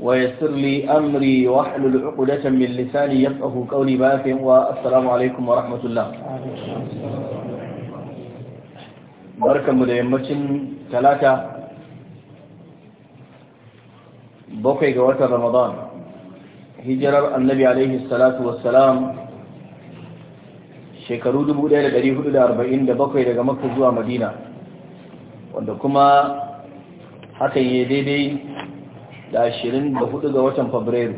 ويسر لي أمري واحلل عقدة من لساني يفقه قولي باك والسلام عليكم ورحمة الله بركة مدين مرشن ثلاثة بوكي قوات رمضان هجر النبي عليه الصلاة والسلام shekaru 1447 daga makka zuwa madina wanda kuma haka حتى daidai da ashirin da ga watan fabrairu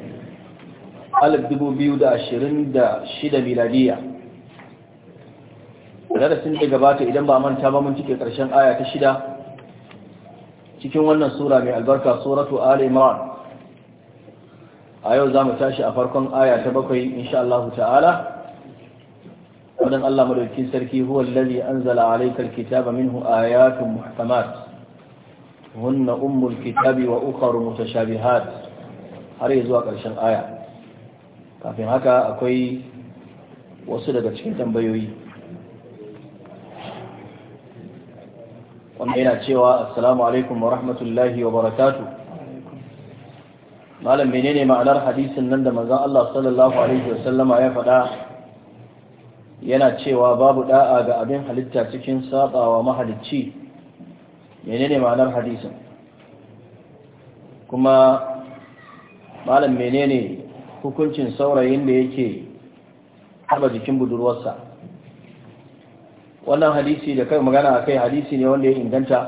alif dubu biyu da ashirin da shida miladiya darasin da gabata idan ba manta ba mun cike karshen aya ta shida cikin wannan sura mai albarka suratu al imran a yau za mu tashi a farkon aya ta bakwai insha Allah ta'ala wadan Allah madaukakin sarki huwa allazi anzala alayka alkitaba minhu ayatun muhkamat hunna ummul kitabi wa ukharu mutashabihat har zuwa ƙarshen aya kafin haka akwai wasu daga cikin tambayoyi Wannan yana cewa assalamu alaikum wa rahmatullahi wa barakatu malam menene ma'anar hadisin nan da manzon Allah sallallahu alaihi wasallama ya faɗa yana cewa babu da'a ga abin halitta cikin sabawa mahalicci menene ma'anar hadisin kuma malam menene hukuncin saurayin da yake harba jikin budurwarsa wannan hadisi da kai magana a kai hadisi ne wanda ya inganta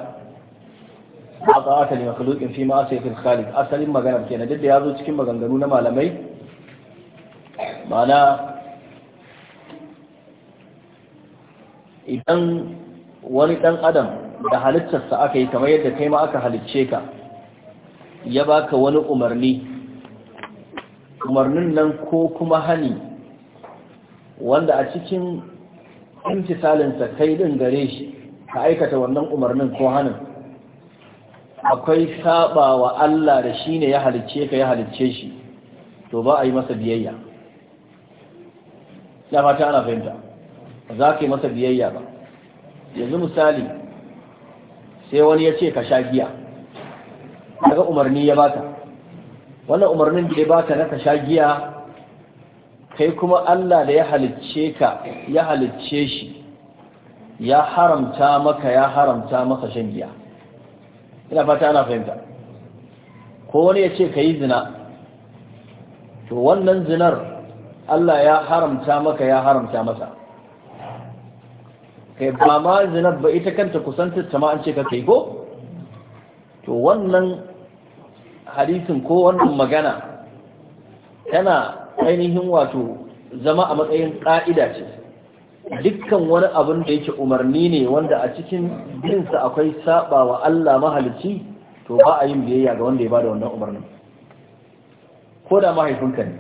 a tsawata ne makalukin fi ma'asaifin khalid asalin magana ke na da ya zo cikin maganganu na malamai mana idan wani dan adam da halittarsa aka yi kamar yadda kai ma aka halicce ka ya baka wani umarni umarnin nan ko kuma hani wanda a cikin intisalinsa kai din gare shi ka aikata wannan umarnin ko hanin akwai saba wa Allah da shi ne ya halicce ka ya halicce shi to ba a yi masa biyayya ya fata ana fahimta za ka yi masa biyayya ba yanzu misali sai wani ya ce ka sha giya daga umarni ya bata wannan umarnin da ya bata na ka sha giya kai kuma Allah da ya halicce ka ya halicce shi ya haramta maka ya haramta maka shan giya ina fata ana fahimta ko wani ya ce ka yi zina to wannan zinar Allah ya haramta maka ya haramta masa kai eh, ba ma zinab ba ita kanta kusantar ta ma an ce ko to wannan hadisin ko wannan magana tana ainihin wato zama a matsayin ƙa'ida ce dukkan wani abin da yake umarni ne wanda a cikin binsa akwai saba wa Allah mahalicci to ba a yin biyayya ga wanda ya bada wannan umarnin ko da mahaifinka ne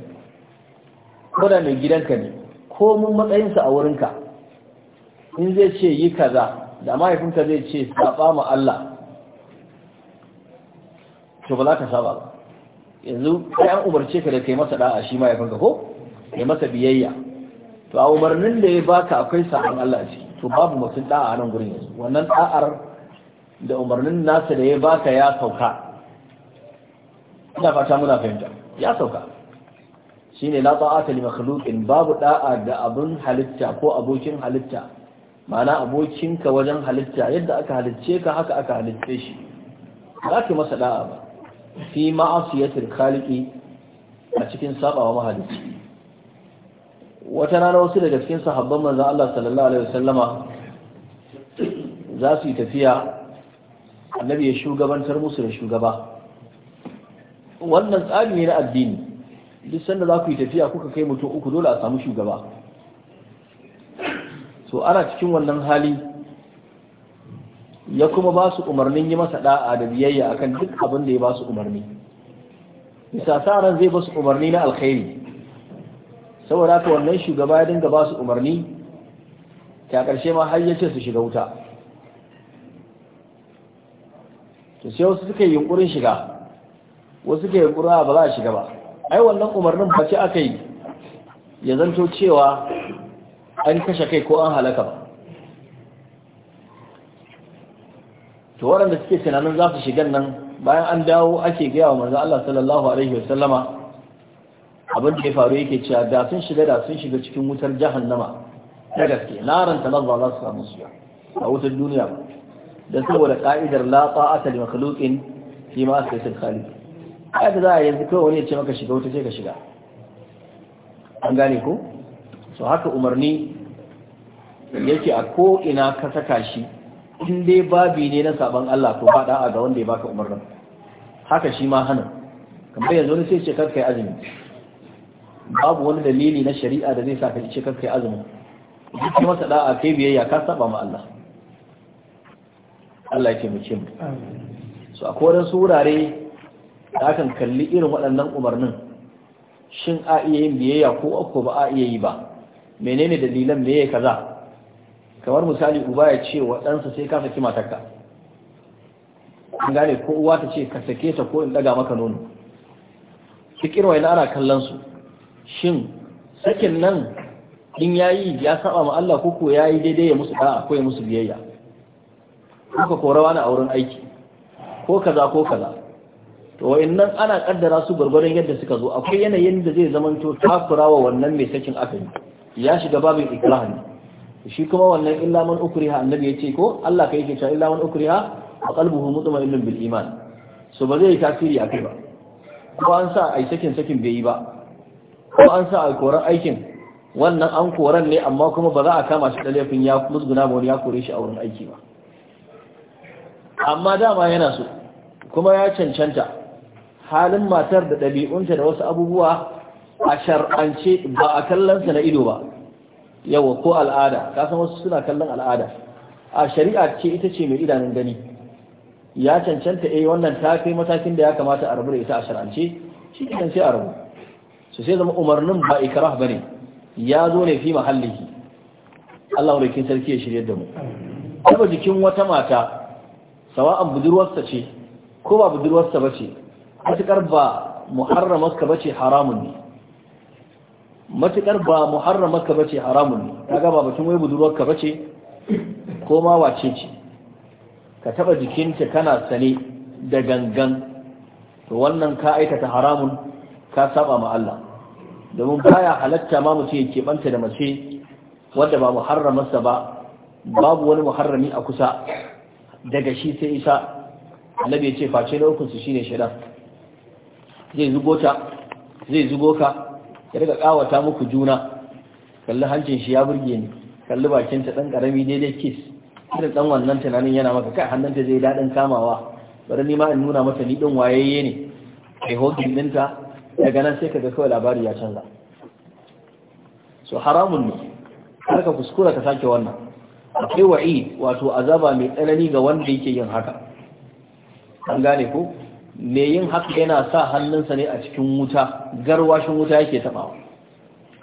ko da mai gidanka ne ko mun matsayinsa a wurinka in zai ce yi kaza da mahaifinka zai ce saba ma Allah to ba za ka saba ba yanzu kai an umarce ka da kai masa da'a shi mahaifinka ko ya masa biyayya to a umarnin da ya baka akwai sa'an Allah ce to babu mutum da'a nan gurin yanzu wannan da'ar da umarnin nasa da ya baka ya sauka ina fata muna fahimta ya sauka shine la ta'ata li makhluqin babu da'a da abun halitta ko abokin halitta ma'ana abokinka wajen halitta yadda aka halicce ka haka aka halicce shi za ki masa da'a ba fi ma'asiyatul khaliqi a cikin sabawa mahalicci wata rana wasu daga cikin sahabban manzon Allah sallallahu alaihi wasallama za su yi tafiya annabi ya shugabantar musu da shugaba wannan tsari ne na addini duk sanda za ku yi tafiya kuka kai mutum uku dole a samu shugaba so ana cikin wannan hali ya kuma ba su umarnin yi masa da'a da biyayya akan duk abin da ya ba su umarni bisa sa ran zai ba su umarni na alkhairi saboda haka wannan shugaba ya dinga ba su umarni ta ƙarshe ma har ya ce su shiga wuta to sai wasu suka yi yunkurin shiga wasu suka yi yunkurin ba za a shiga ba ai wannan umarnin ba ce aka yi ya zanto cewa an kashe kai ko an halaka ba to waɗanda suke tunanin za su shigan nan bayan an dawo ake gaya wa manzo Allah sallallahu alaihi wa sallama abin da ya faru yake cewa da sun shiga da sun shiga cikin wutar jahannama na gaske naran talazza za su samu suya a wutar duniya da saboda ka'idar la ta'ata makalukin makhluqin fi ma asbatil khaliq da za a yanzu kawai wani ya ce maka shiga wuta sai ka shiga an gane ko so haka umarni yake a ko ina ka saka shi in dai babi ne na sabon Allah to ba a ga wanda ya baka umarnin haka shi ma hana kamar yanzu wani sai ce kar kai azumi babu wani dalili na shari'a da zai sa ka ce kar kai azumi duk kuma masa da'a kai biyayya ka saba ma Allah Allah ya taimake mu so a kodan surare da kan kalli irin waɗannan umarnin shin a iya yin biyayya ko ko ba a iya yi ba menene dalilan me ya kaza kamar misali uba ya ce wa ɗansa sai ka saki matarka an gane ko uwa ta ce ka sake ta ko in ɗaga maka nono fikir wai ana kallon su shin sakin nan in yayi ya saba ma Allah ko ko yayi daidai ya musu da'a ko ya musu biyayya ko korawa na auren a wurin aiki ko kaza ko kaza to wayannan ana kaddara su gurgurun yadda suka zo akwai yanayin da zai zamanto takurawa wannan mai sakin yi ya shiga babin ikrah ne shi kuma wannan illa man ukriha annabi yace ko Allah kai yake cewa illa man ukriha wa qalbuhu mutma'innun bil iman so ba zai tasiri akai ba ko an sa ai sakin sakin bai yi ba ko an sa ai koran aikin wannan an koran ne amma kuma ba za a kama shi da laifin ya musguna ba wani ya kore shi a wurin aiki ba amma dama yana so kuma ya cancanta halin matar da ɗabi'unta da wasu abubuwa a shar'ance ba a kallonsa na ido ba yawa ko al'ada ka san wasu suna kallon al'ada a shari'a ce ita ce mai idanun gani ya cancanta eh wannan ta kai matakin da ya kamata a rabu da ita a shar'ance shi kenan sai a rabu su sai zama umarnin ba ikrah bane ya zo ne fi mahallihi Allah kin sarki ya shirye da mu kuma jikin wata mata sawa'an budurwarsa ce ko ba budurwarsa bace matukar ba muharramarsa bace haramun ne matukar ba ka bace haramun ne kaga gaba batun wai budurwarka bace ko ma wace ce ka taɓa jikinta kana sane da gangan to wannan ka aikata haramun ka saba ma Allah domin baya halatta ma mutum ya keɓanta da mace wadda ba muharramarsa ba babu wani muharrami a kusa daga shi sai isa annabi ya ce face na ukunsu shine shaidan zai zugo ta zai zugo ka ya daga kawata muku juna kalli hancin shi ya burge ni kalli bakin ta dan karami daidai kiss irin dan wannan tunanin yana maka kai hannunta zai dadin kamawa bari ni ma in nuna mata ni din wayayye ne kai hokin dinta daga nan sai kaga kawai labari ya canza so haramun ne har ka kuskura ka sake wannan akwai wa'id wato azaba mai tsanani ga wanda yake yin haka an gane ko Mai yin haka yana sa hannunsa ne a cikin wuta garwashin wuta yake tabawa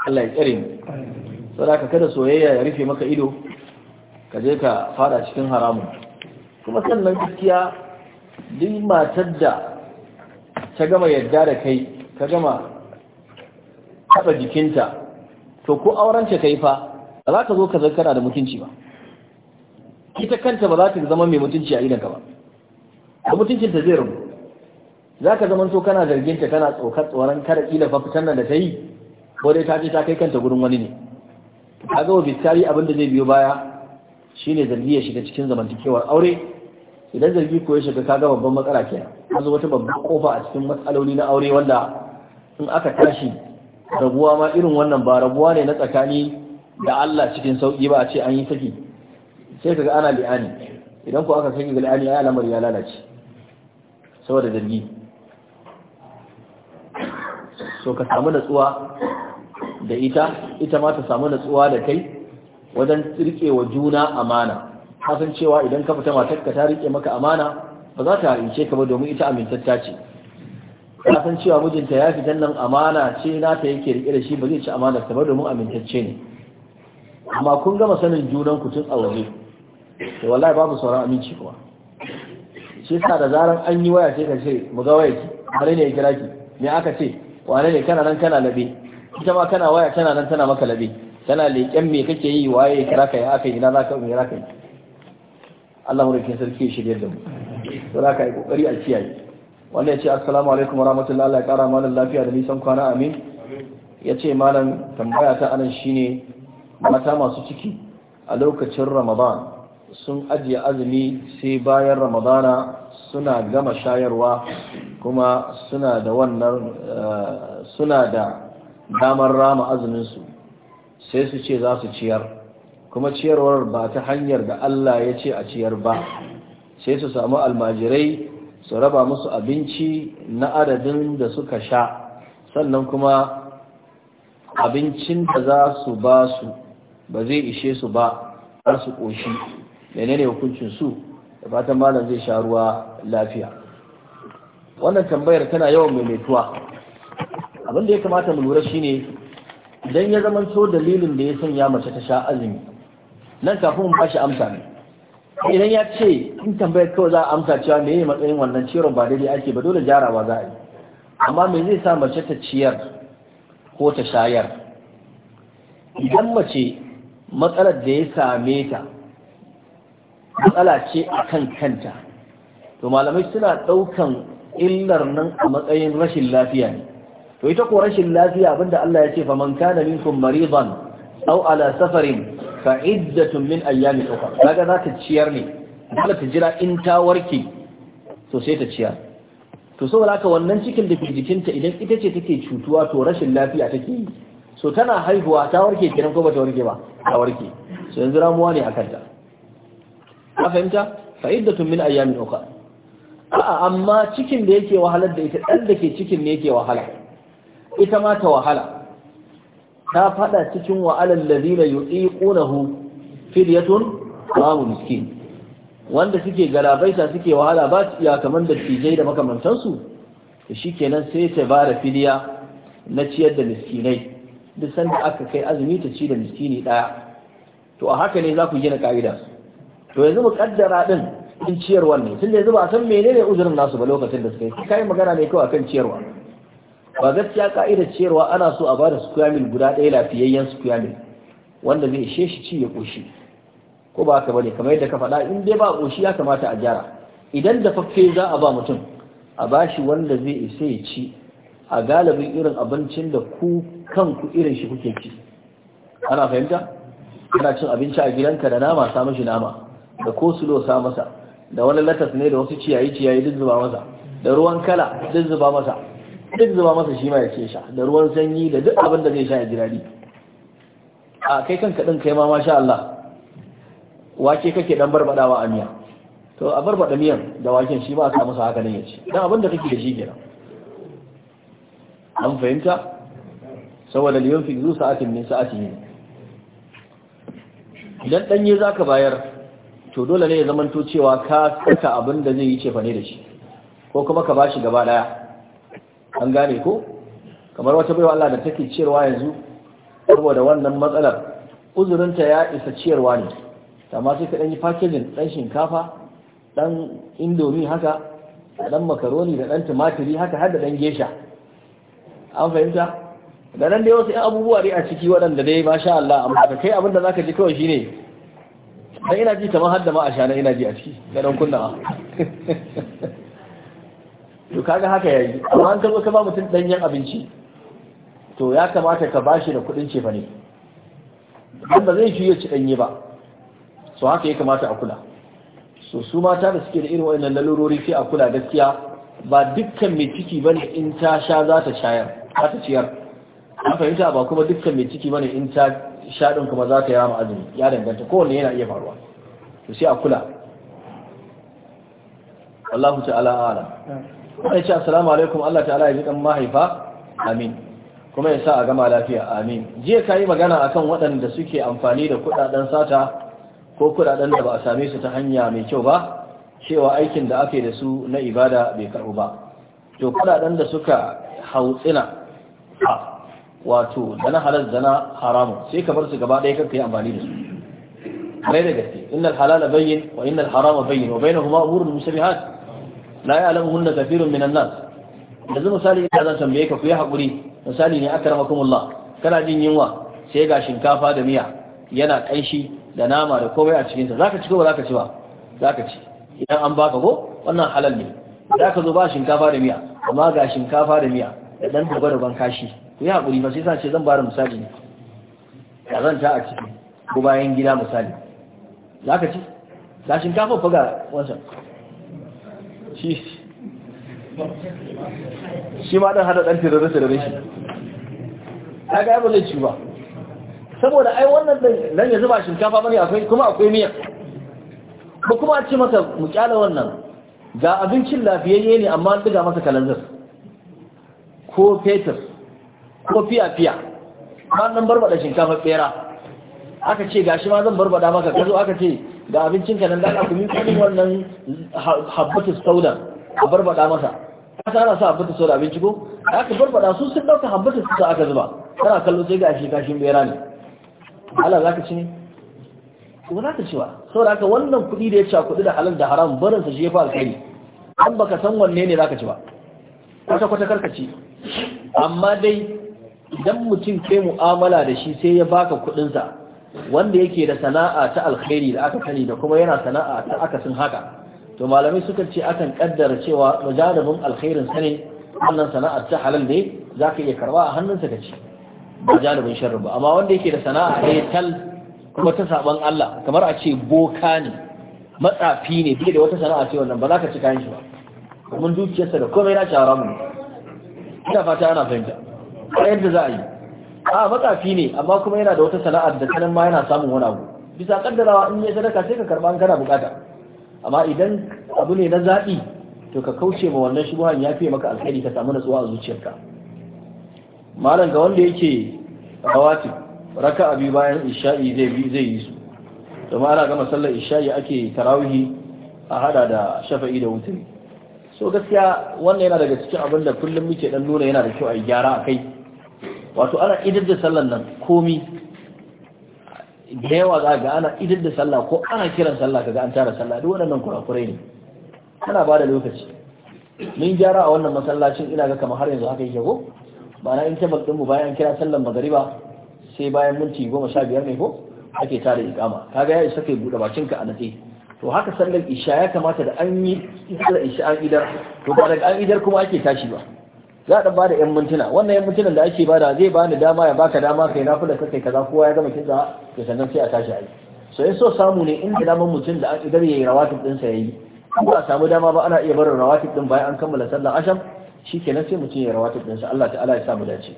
Allah ya tsare mu saboda kada soyayya ya rufe maka ido ka je ka fada cikin haramun kuma sannan gaskiya duk matar da ta gama yadda da kai ka gama taba jikinta to ko auren aurenta kai fa ba za ka zo ka zarkana da mutunci ba ita kanta ba za ta zama mai mutunci a idanka ba mutuncinta zai rubu za ka zama so kana zargin ta kana tsokar tsoron kada kila fa fitan nan da ta yi ko dai ta ce ta kai kanta gurin wani ne kaga wa bisari abin da zai biyo baya shine zargi ya shiga cikin zamantakewar aure idan zargi ko ya shiga ga babban matsala kenan zo wata babban kofa a cikin matsaloli na aure wanda in aka tashi rabuwa ma irin wannan ba rabuwa ne na tsakani da Allah cikin sauki ba a ce an yi saki sai kaga ana li'ani idan ko aka saki ga li'ani ai al'amari ya lalace saboda zargi so ka samu natsuwa da ita ita ma ta samu natsuwa da kai wajen rike wa juna amana kasan cewa idan ka fita matarka ta rike maka amana ba za ta rince ka ba domin ita amintatta ce kasan cewa mijinta ya fitan nan amana ce na nata yake rike da shi ba zai ci amana ta ba domin amintacce ne amma kun gama sanin junan ku tun a waje to wallahi babu sauran aminci kuwa shi yasa da zaran an yi waya sai ka ce mu ga waya ki bare ne ya kira ki me aka ce wane ne kana nan kana labe ita ma kana waya tana nan tana maka labe tana leƙen me kake yi waye kira ka yi aka yi na za ka yi ka yi Allah mulkin sarki ya da mu to za ka yi kokari a kiyaye wanda ya ce assalamu alaikum warahmatullahi Allah ya kara lafiya da nisan kwana amin ya ce malam tambaya ta anan shine mata masu ciki a lokacin ramadan sun ajiye azumi sai bayan ramadana suna gama shayarwa kuma suna da wannan eh, suna da damar rama azumin su sai su ce za su ciyar kuma ciyarwar ba ta hanyar da Allah ya ce a ciyar ba sai su samu almajirai su raba musu abinci na adadin da suka sha sannan kuma abincin da za su ba su ba zai ishe su ba har su ƙoshi menene hukuncin su da fatan malam zai sha ruwa lafiya wannan tambayar tana yawan maimaituwa abin da ya kamata mu lura shine idan ya zama so dalilin da ya sanya mace ta sha azumi nan kafin ba shi amsa ne idan ya ce in tambayar kawai za a amsa cewa me yi matsayin wannan ciwon ba daidai ake ba dole jarawa za a yi amma me zai sa mace ta ciyar ko ta shayar idan mace matsalar da ya same ta matsala ce a kan kanta to malamai suna ɗaukan illar nan a matsayin rashin lafiya ne to ita ko rashin lafiya abinda Allah ya ce fa man kana minkum maridan aw ala safarin fa iddatun min ayyamin ukhra kaga za ta ciyar ne dole ta jira in ta warke to sai ta ciyar to saboda haka wannan cikin da ke jikinta idan ita ce take cutuwa to rashin lafiya take yi so tana haihuwa ta warke kenan ko bata warke ba ta warke so yanzu ramuwa ne a kanta ka fahimta fa iddatun min ayyamin a'a amma cikin da yake wahalar da ita dan dake cikin ne yake wahala ita ma ta wahala ta fada cikin wa alal ladina yuqiqunahu fidyatun qawm miskin wanda suke garabaita suke wahala ba su iya kamar da tijai da makamantansu da shi kenan sai ta ba da fidiya na ciyar da miskinai duk sanda aka kai azumi ta ci da miskini ɗaya to a haka ne za ku gina ƙa'ida to yanzu mu kaddara din in ciyarwa ne tunda yanzu ba san menene uzurin nasu ba lokacin da suka yi kai magana ne kawai kan ciyarwa ba gaskiya ka'idar ciyarwa ana so a ba da square meal guda ɗaya lafiyayyen square meal wanda zai ishe shi ci ya koshi ko ba haka bane kamar yadda ka faɗa in dai ba koshi ya kamata a gyara idan da fafe za a ba mutum a ba shi wanda zai isa ya ci a galibin irin abincin da ku kanku irin shi kuke ci ana fahimta kana cin abinci a gidanka da nama samu shi nama da ko sulo sa masa da wani latas ne da wasu ciyayi ciyayi duk zuba masa da ruwan kala duk zuba masa duk zuba masa shi ma ya ce sha da ruwan sanyi da duk abin da zai sha ya ji daɗi a kai kanka din kai ma masha Allah wake kake dan barbadawa a miya to a barbada miyan da waken shi ba a samu haka nan ya ce dan abin da kake da shi kenan an fahimta saboda liyon fi zu sa'atin min sa'atin idan danye zaka bayar to dole ne ya zamanto cewa ka saka abin da zai yi cefane da shi ko kuma ka bashi gaba daya an gane ko kamar wata baiwa Allah da take ciyarwa yanzu saboda wannan matsalar uzurinta ya isa ciyarwa ne amma sai ka danyi yi dan shinkafa dan indomi haka da dan makaroni da dan tumatiri haka har da dan gesha an fahimta da nan dai wasu abubuwa dai a ciki waɗanda dai masha Allah amma kai abin da zaka ji kawai shine dan ina ji kamar hadda ma a shana ina ji a ciki ga dan kunna to kaga haka yayi amma an kazo ka ba mutum danyen abinci to ya kamata ka bashi da kudin cefa ne dan ba zai fiye ci danye ba so haka ya kamata a kula so su mata da suke da irin wayannan lalurori sai a kula gaskiya ba dukkan mai ciki bane in ta sha za ta shayar za ta ciyar an fahimta ba kuma dukkan mai ciki bane in ta Shaɗin kuma za ka yi rama azumi ya danganta kowanne yana iya faruwa to sai a kula Allahu ta'ala ala wani ce assalamu alaikum Allah ta'ala ya ji kan mahaifa amin kuma ya sa a gama lafiya amin jiya ka yi magana akan waɗanda suke amfani da kuɗaɗen sata ko kuɗaɗen da ba a same su ta hanya mai kyau ba cewa aikin da ake da su na ibada bai karɓu ba to kuɗaɗen da suka hautsina tsina wato da na halal da na haramu sai ka bar su gaba ɗaya kan ka yi amfani da su bai da gaske innal halala bayyin wa innal harama bayyin wa bainahuma umurun musabihat la ya'lamuhunna kathirun minan nas yanzu misali ina zan tambaye ka ku yi hakuri misali ne akramakumullah kana jin yunwa sai ga shinkafa da miya yana kanshi da nama da komai a cikin sa zaka ci ko zaka ci ba zaka ci idan an baka ko wannan halal ne zaka zo ba shinkafa da miya amma ga shinkafa da miya da dan dogara ban kashi ku yi haƙuri ba sai sa ce zan bada misali ne Ya ta a ciki ko bayan gida misali za ka ci za shinkafa kafa faga wancan shi shi ma ɗan hada ɗan tirare tirare shi ta ga ba zai ci ba saboda ai wannan nan ya zuba shinkafa bane akwai kuma akwai miya ba kuma a ce masa mu kyala wannan ga abincin lafiyayye ne amma an ɗiga masa kalanzir ko fetur ko fiya-fiya ba nan barbada shinkafa bera aka ce ga shi ma zan barbada maka kazo aka ce ga abincinka nan da ku yi kwanin wannan habbatu sauda a barbada masa kasa ana sa habbatu sauda abinci ko aka barbada su sun dauka habbatu sauda aka zuba kana kallo sai gashi kashin bera ne Allah zaka ci ne ko za ka ci ba saboda haka wannan kuɗi da ya ci kudi da halal da haram barin sa shi ya fa alƙali. an baka san wanne ne zaka ci ba kwata kwata karkaci amma dai idan mutum kai mu'amala da shi sai ya baka kuɗinsa wanda yake da sana'a ta alkhairi da aka sani da kuma yana sana'a ta akasin haka to malamai suka ce akan kaddara cewa majalibin alkhairin ne wannan sana'ar ta halal ne ka iya karba a hannunsa ka ci majalibin sharri ba amma wanda yake da sana'a ne tal kuma ta saban Allah kamar a ce boka ne matsafi ne bai da wata sana'a ce wannan ba za ka ci kayan shi ba domin dukiyarsa da komai na ci haramun ina fata ana fahimta kwarai yadda za a yi a matsafi ne amma kuma yana da wata sana'a da sanan ma yana samun wani abu bisa kaddarawa in yi sadaka sai ka karba an kana bukata amma idan abu ne na zaɓi to ka kauce ma wannan shi ya fiye maka alkhairi ka samu natsuwa a zuciyarka malam ga wanda yake rawatib raka abi bayan isha'i zai bi zai yi su domin ana gama sallar isha'i ake tarawihi a hada da shafa'i da wutu so gaskiya wannan yana daga cikin abin da kullum muke dan nuna yana da kyau a yi gyara a kai wato ana idar da sallan nan komi da yawa za ga ana idar da sallah ko ana kiran sallah kaga an tara sallah duk waɗannan kurakurai ne ana ba da lokaci mun gyara a wannan masallacin ina ga kamar har yanzu haka yake ko ba na in tabbas mu bayan kira sallan magariba sai bayan minti goma sha biyar ne ko ake tara ikama kaga ya isa kai buɗe bakinka a natsi to haka sallar isha ya kamata da an yi sallar isha an idar to ba daga an idar kuma ake tashi ba za a bada yan mintuna wannan yan mintunan da ake bada zai bani dama ya baka dama kai na kula kai kaza kowa ya gama kinsa ya sannan sai a tashi yi so in so samu ne inda daman mutum da idan yi rawatib din sa yi ko a samu dama ba ana iya barin rawatib din bayan an kammala sallar asham shi nan sai mutum ya rawatib din sa Allah ta'ala ya sa mu dace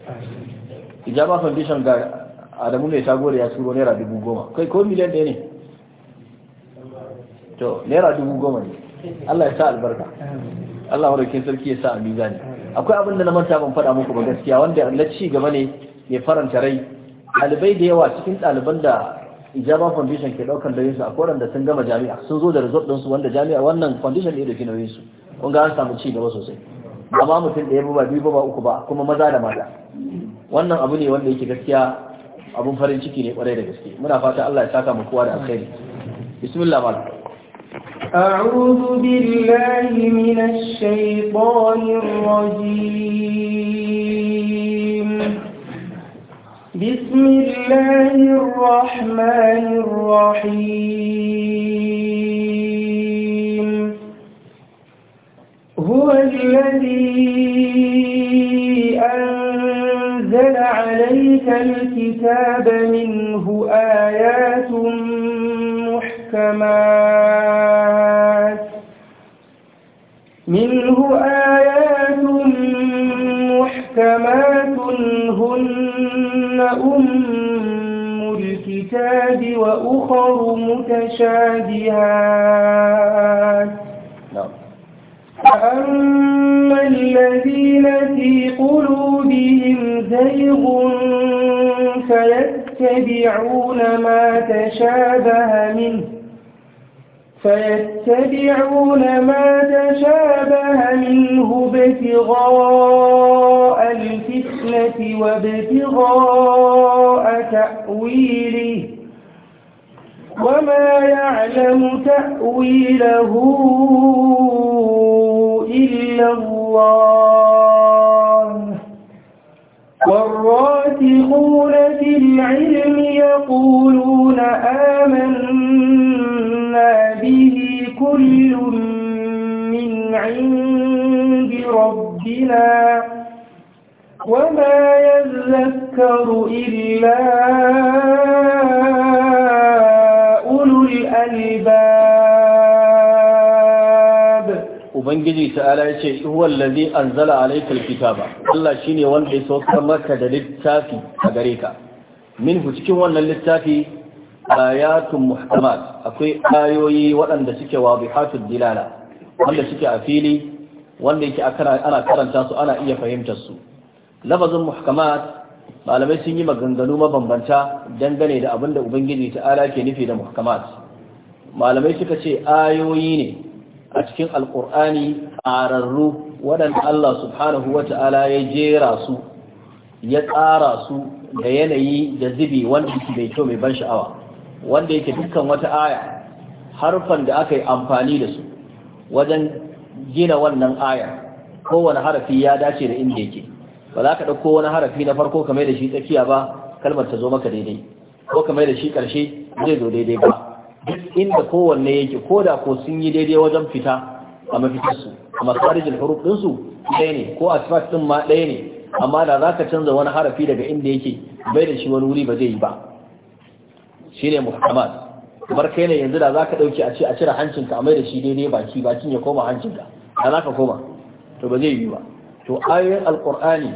ijaba foundation ga Adamu mai tagore ya turo naira dubu goma kai ko miliyan ɗaya ne to naira dubu goma ne Allah ya sa albarka Allah wadda sarki ya sa a mizani akwai abin da na manta ban faɗa muku ba gaskiya wanda na ci gaba ne mai faranta rai ɗalibai da yawa cikin ɗaliban da ijaba foundation ke ɗaukar da yinsu a koran da sun gama jami'a sun zo da result ɗinsu wanda jami'a wannan foundation ne da ke nauyin su kun ga an samu ci gaba sosai amma mutum ɗaya ba biyu ba uku ba kuma maza da mata wannan abu ne wanda yake gaskiya abun farin ciki ne kwarai da gaske muna fata Allah ya saka mu kowa da alkhairi bismillah malam أعوذ بالله من الشيطان الرجيم بسم الله الرحمن الرحيم هو الذي أنزل عليك الكتاب منه آيات محكمات منه آيات محكمات هن أم الكتاب وأخر متشابهات نعم. فأما الذين في قلوبهم زيغ فيتبعون ما تشابه منه فيتبعون ما تشابه منه ابتغاء الفتنة وابتغاء تأويله وما يعلم تأويله إلا الله والراتقون في العلم يقولون آمنا وما به كل من عند ربنا وما يذكر إلا أولو الألباب Ubangiji ta'ala ya ce, "Ihuwan lalzi an zala alaikar kitaba, Allah shi ne wanda ya saukar maka da littafi a gareka. ka, min cikin wannan littafi ayatun muhtamat akwai ayoyi waɗanda suke wadihatud dilala wanda suke a fili wanda yake ana karanta su ana iya fahimtar su lafazin muhkamat malamai sun yi maganganu mabambanta dangane da abin da ubangiji ta'ala ke nufi da muhkamat malamai suka ce ayoyi ne a cikin alkur'ani ƙararru waɗanda allah subhanahu wa ta'ala ya jera su ya tsara su da yanayi da zubi wanda mai kyau mai ban sha'awa wanda yake dukkan wata aya harfan da aka yi amfani da su wajen gina wannan aya kowane harafi ya dace da inda yake ba za ka ɗauko wani harafi na farko kamar da shi tsakiya ba kalmar ta zo maka daidai ko kamar da shi ƙarshe zai zo daidai ba duk inda kowanne yake ko da ko sun yi daidai wajen fita a mafitarsu a masarijin huruf ɗinsu ɗaya ne ko a ɗin ma ɗaya ne amma da za ka canza wani harafi daga inda yake bai da shi wani wuri ba zai yi ba shine muhammad kamar kai ne yanzu da zaka dauki a ce a cire hancinka a mai da shi daidai baki bakin ya koma hancinka da zaka koma to ba zai yi ba to ayoyin alqur'ani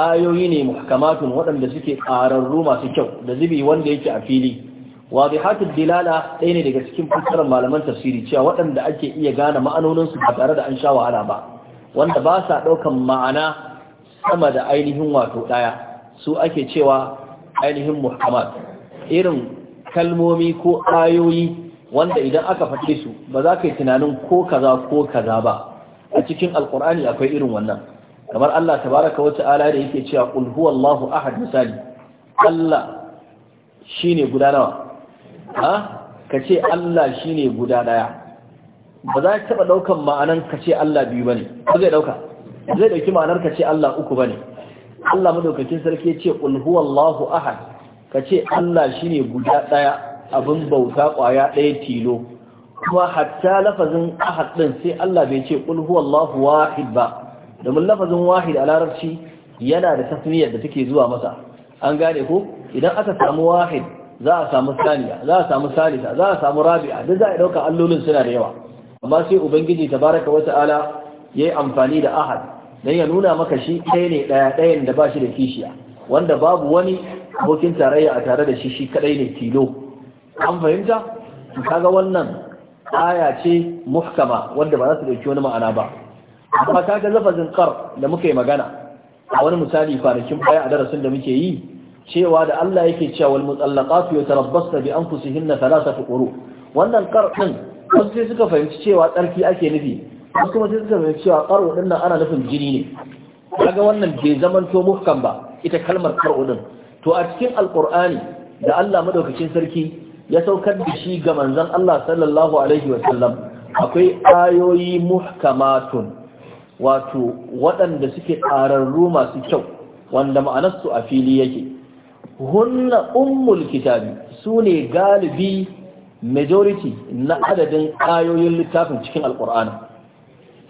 ayoyi ne muhkamatun waɗanda suke ƙararru masu kyau da zubi wanda yake a fili wadihatul dilala ɗaya ne daga cikin fassarar malaman tafsiri cewa waɗanda ake iya gane ma'anonin su ba tare da an sha wahala ba wanda ba sa ɗaukan ma'ana sama da ainihin wato ɗaya su ake cewa ainihin muhkamat irin kalmomi ko ayoyi wanda idan aka faɗe su ba za ka yi tunanin ko kaza ko kaza ba a cikin alkur'ani akwai irin wannan kamar Allah tabaraka wa ta'ala da yake cewa qul huwallahu ahad misali Allah shine guda nawa ha kace Allah shine guda daya ba za ka taba daukan ma'anan kace Allah biyu bane ba zai dauka zai dauki ma'anar kace Allah uku bane Allah madaukakin sarki ya ce qul huwallahu ahad ka ce Allah shine guda ɗaya abin bauta ƙwaya ɗaya tilo kuma hatta lafazin ahad ɗin sai Allah bai ce qul huwallahu wahid ba domin lafazin wahid a larabci yana da tasniyar da take zuwa masa an gane ko idan aka samu wahid za a samu saniya za a samu salisa za a samu rabi'a duk za a ɗauka allolin suna da yawa amma sai ubangiji tabaraka ya yayi amfani da ahad dan ya nuna maka shi ɗaya ne ɗaya ɗayan da ba shi da kishiya wanda babu wani abokin tarayya a tare da shi shi kadai ne tilo an fahimta kaga wannan aya ce muhkama wanda ba za su dauki wani ma'ana ba amma kaga lafazin kar da muka yi magana a wani misali kwanakin baya a darasin da muke yi cewa da Allah yake cewa wal mutallaqatu yatarabbasna bi anfusihinna thalathatu quru wannan qar din wasu sai suka fahimci cewa tsarki ake nufi wasu kuma sai suka fahimci cewa qar din nan ana nufin jini ne kaga wannan bai zamanto muhkam ba ita kalmar qar din to a cikin alkur'ani da Allah madaukakin sarki ya saukar da shi ga manzon Allah sallallahu alaihi wasallam akwai ayoyi muhkamatun wato waɗanda suke ƙararru masu kyau wanda ma'anarsu a fili yake hunna ummul kitabi su ne galibi majority na adadin ayoyin littafin cikin alkur'ani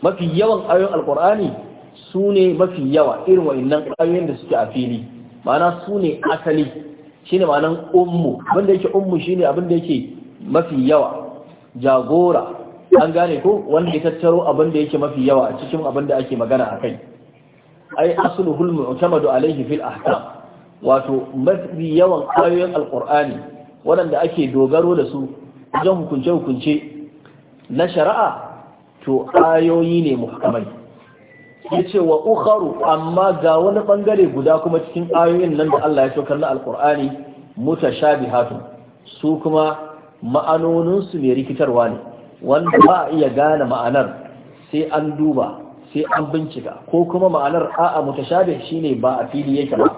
mafi yawan ayoyin alkur'ani su ne mafi yawa irin wa'innan ayoyin da suke a fili ma'ana su ne asali shine ma'anan ummu abinda yake ummu shine abinda yake mafi yawa jagora an gane ko wanda ya tattaro abinda yake mafi yawa a cikin abinda ake magana a kai ai asluhul mu'tamadu alaihi fil ahkam wato mafi yawan ayoyin alqur'ani waɗanda ake dogaro da su wajen hukunce-hukunce na shari'a to ayoyi ne muhkamai ya ce wa ukharu amma ga wani bangare guda kuma cikin ayoyin nan da Allah ya saukar na alkur'ani mutashabihatun su kuma ma'anonin su ne rikitarwa ne wanda ba iya gane ma'anar sai an duba sai an bincika ko kuma ma'anar a'a mutashabih shine ba a fili yake ba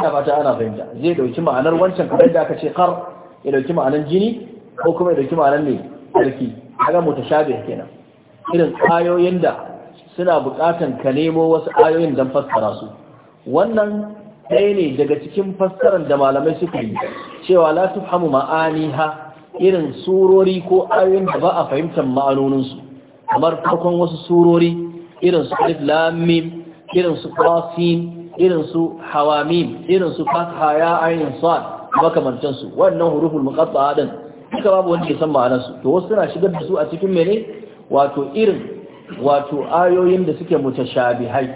ina fata ana fahimta zai dauki ma'anar wancan kamar da aka ce har ya dauki ma'anar jini ko kuma ya dauki ma'anar ne sarki kaga mutashabih kenan irin ayoyin da suna buƙatan ka nemo wasu ayoyin don fassara su wannan ɗaya ne daga cikin fassarar da malamai suka yi cewa la tufhamu ha irin surori ko ayoyin da ba a fahimtar ma'anoninsu kamar farkon wasu surori irin su alif lam mim irin su qasim irin su hawamim irin su fatha ya ayin sad makamantan su wannan huruful muqatta'a din duka babu wanda ya san ma'anansu, to wasu suna shigar da su a cikin mene wato irin wato ayoyin da suke mutashabihai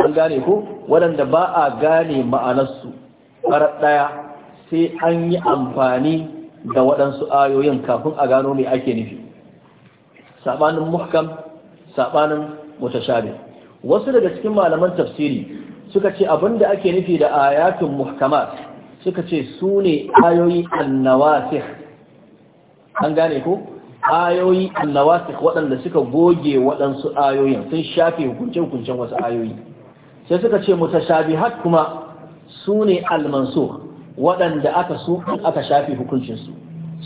an gane ko waɗanda ba a gane ma'anarsu har ɗaya sai an yi amfani da waɗansu ayoyin kafin a gano mai ake nufi saɓanin muhkam saɓanin mutashabih wasu daga cikin malaman tafsiri suka ce abinda ake nufi da ayatun muhkamat suka ce su ne ayoyi annawasih an gane ko ayoyi annawasik waɗanda suka goge waɗansu ayoyin sun shafe hukunce-hukuncen wasu ayoyi sai suka ce mutashabihat kuma su ne almanso waɗanda aka su aka shafe hukuncinsu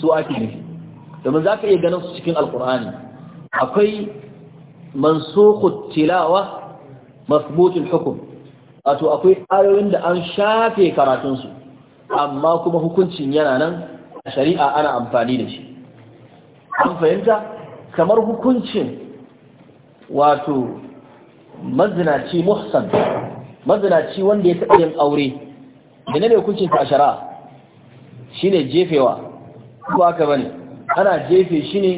su ake nufi domin za ka iya ganin su cikin alkur'ani akwai mansukhu tilawa masbutul hukum wato akwai ayoyin da an shafe karatunsu amma kuma hukuncin yana nan a shari'a ana amfani da shi an fahimta kamar hukuncin wato mazinaci muhsan mazinaci wanda ya taɓa yin aure da ne hukuncin ta shi ne jefewa ko aka bane ana jefe shi ne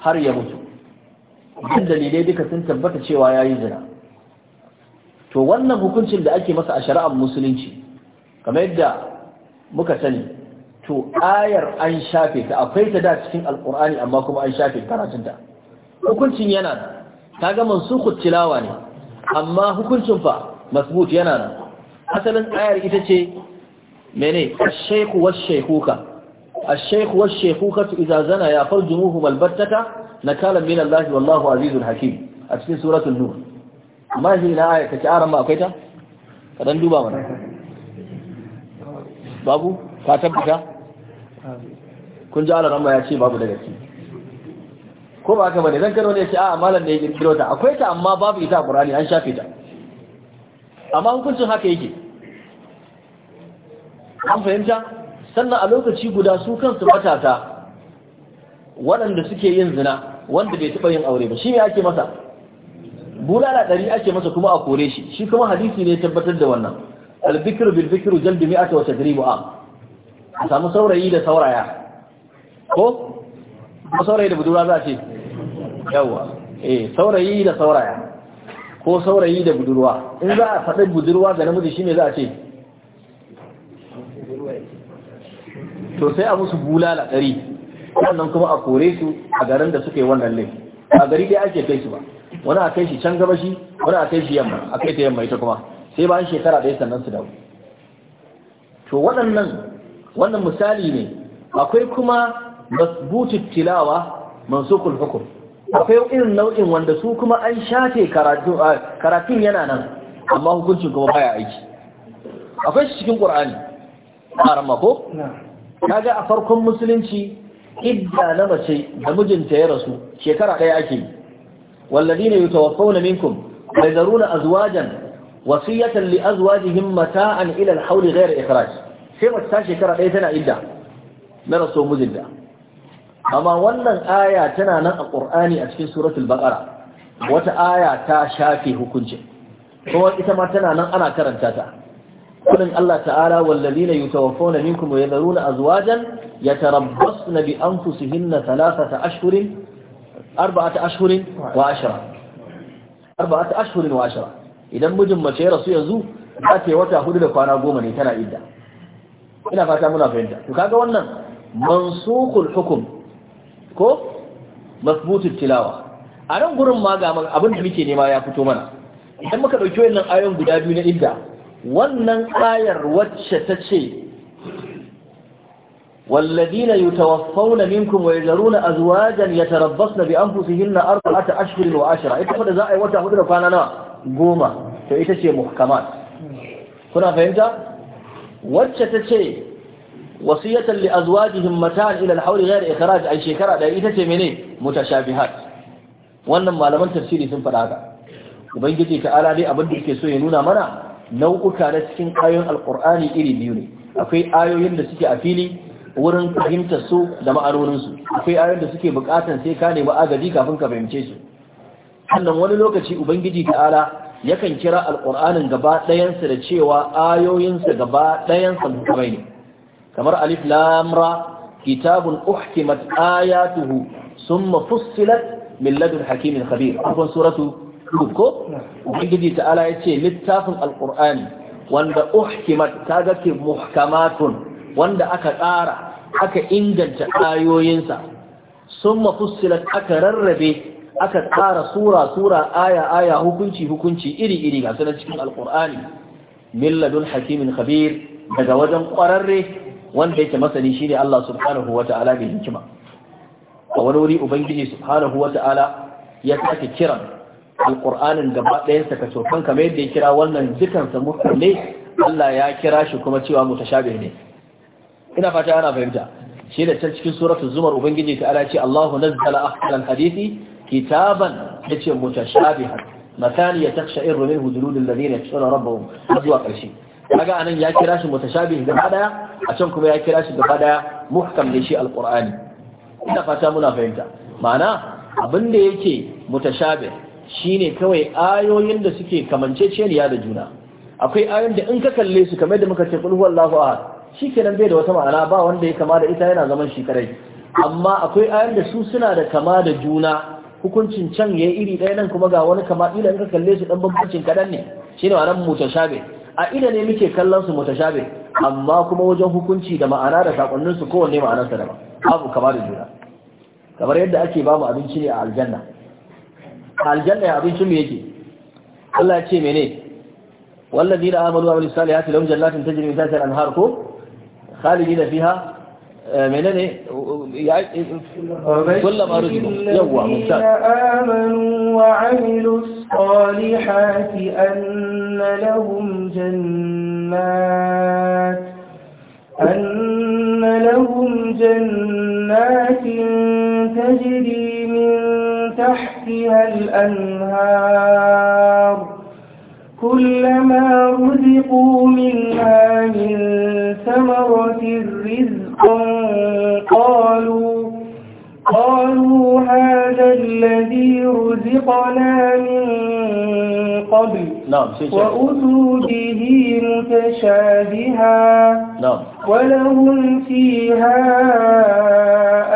har ya mutu duk dalilai duka sun tabbata cewa ya yi zina to wannan hukuncin da ake masa a shari'ar musulunci kamar yadda muka sani to ayar an shafe ta akwai ta da cikin alkur'ani amma kuma an shafe karatunta hukuncin yana nan ta ga mansukut tilawa ne amma hukuncin fa masbut yana nan asalin ayar ita ce mene ash-shaykhu wash-shaykhuka ash-shaykhu wash-shaykhuka idza zana ya farjumuhu balbattata nakala min Allah wallahu azizul hakim a cikin suratul nur amma shi na ayar kace aran ma akwai ta kadan duba mana babu ka tabbata kun ji ala ya ce babu daga ciki ko ba haka bane zan kano ne ce a malam ne ya kirkiro ta akwai ta amma babu ita a qur'ani an shafe ta amma hukuncin haka yake an fahimta sannan a lokaci guda su kansu matata waɗanda suke yin zina wanda bai taɓa yin aure ba shi ne ake masa bulala ɗari ake masa kuma a kore shi shi kuma hadisi ne tabbatar da wannan albikir bilbikru jalbi mi'ata wa tadribu am a samu saurayi da sauraya ko ko saurayi da budura za a ce yawwa eh saurayi da sauraya ko saurayi da budurwa in za a faɗi budurwa ga namiji shine za a ce to sai a musu bulala ɗari wannan kuma a kore su a garin da suke wannan ne a gari dai ake kai su ba wani a kai shi can shi, wani a kai shi yamma a kai ta yamma ita kuma sai bayan shekara ɗaya sannan su dawo to waɗannan wannan misali ne akwai kuma masbutu tilawa mansukul hukum akwai irin nau'in wanda su kuma an shafe karatun yana nan amma hukuncin kuma baya aiki akwai shi cikin ƙur'ani. a ramako kaga a farkon musulunci idda na mace da mijinta ya rasu shekara ɗaya ake walladina yatawaffawna minkum wa yadharuna azwajan wasiyatan li azwajihim mata'an ila hauli hawl ghayra ikhraj sai mace ta shekara ɗaya tana idda na raso mijinta amma wannan aya tana nan a ƙur'ani a cikin suratul baqara wata aya ta shafe hukuncin kuma ita ma tana nan ana karanta ta kullun Allah ta'ala wallazina yutawaffawna minkum wa yadharuna azwajan yatarabbasna bi anfusihinna thalathata ashhurin arba'ata ashhurin wa ashra arba'ata ashhurin wa idan mijin mace ya rasu yanzu za ta yi wata hudu da kwana goma ne tana idda ina fata muna fahimta to kaga wannan mansukhul hukum ko masbutut tilawa a nan gurin ma ga abin da muke nema ya fito mana idan muka dauki wannan ayon guda biyu na idda wannan ayar wacce ta ce والذين يتوفون منكم ويذرون ازواجا يتربصن بانفسهن اربعه اشهر وعشرة ita fa da za a yi wata hudu da kwana nawa goma to ita ce muhkamat kuna fahimta wacce ta ce wasiyatan li azwajihim mata'an ila al-hawl ghayr ikhraj ay shekara da ita ce mene mutashabihat wannan malaman tafsiri sun fada haka ubangiji ta'ala dai abin da yake so ya nuna mana nau'uka na cikin ayoyin alqur'ani iri biyu ne akwai ayoyin da suke a fili wurin fahimtar su da ma'anonin su akwai ayoyin da suke bukatan sai ka nemi agaji kafin ka fahimce su sannan wani lokaci ubangiji ta'ala yakan kira alƙur'anin gaba ɗayansa da cewa ayoyinsa gaba ɗayansa mutumai ne kamar alif lamra kitabun uhkimat ayatuhu sun fussilat min ladun hakimin khabir akwai suratu ko ubangiji ta'ala ya ce littafin alƙur'ani wanda uhkimat ta ke muhkamatun wanda aka tsara aka inganta ayoyinsa summa fussilat aka rarrabe aka tsara sura sura aya aya hukunci hukunci iri iri ga sanar cikin alkur'ani milladun hakimin khabir daga wajen kwararre wanda yake masani ne Allah subhanahu wata'ala mai hikima a wani wuri ubangiji subhanahu ta'ala ya sake kiran Alƙur'ani gaba ɗayan sa kaso kan kamar yadda ya kira wannan dukansa mutane Allah ya kira shi kuma cewa mutashabih ne ina fata ana fahimta shi da can cikin suratul zumar ubangiji ta ala ce Allahu nazzala ahsanal hadisi kitaban yace mutashabihan matani taksha'irru minhu juludul ladina yakhshawna na zuwa karshe kaga anan ya kira shi mutashabih gaba daya a can kuma ya kira shi gaba daya muhkam ne shi alqur'ani ina fata muna fahimta ma'ana abin da yake mutashabih shine kawai ayoyin da suke kamanceceniya da juna akwai ayoyin da in ka kalle su kamar da muka ce qul huwallahu ahad shikenan bai da wata ma'ana ba wanda ya kama da ita yana zaman shi kadai amma akwai ayoyin da su suna da kama da juna hukuncin can ya iri ɗaya nan kuma ga wani kama ila in ka kalle su ɗan bambancin kaɗan ne shi ne ma'anar mutashabe a ina ne muke kallon su mutashabe amma kuma wajen hukunci da ma'ana da sakonnin su kowanne ma'anarsa daban abu kama da juna kamar yadda ake ba mu abinci ne a aljanna a aljanna abinci mu yake Allah ya ce mene wallazi da amalu wa salihati lahum jannatin tajri min tahtiha al-anhar ko khalidina fiha آه، منني إيه؟ يعني كلما رجلوا يوى ممتاز آمنوا وعملوا الصالحات أن لهم جنات أن لهم جنات تجري من تحتها الأنهار كلما رزقوا منها من ثمرة قالوا قالوا هذا الذي رزقنا من قبل نعم وأتوا به متشابها نعم ولهم فيها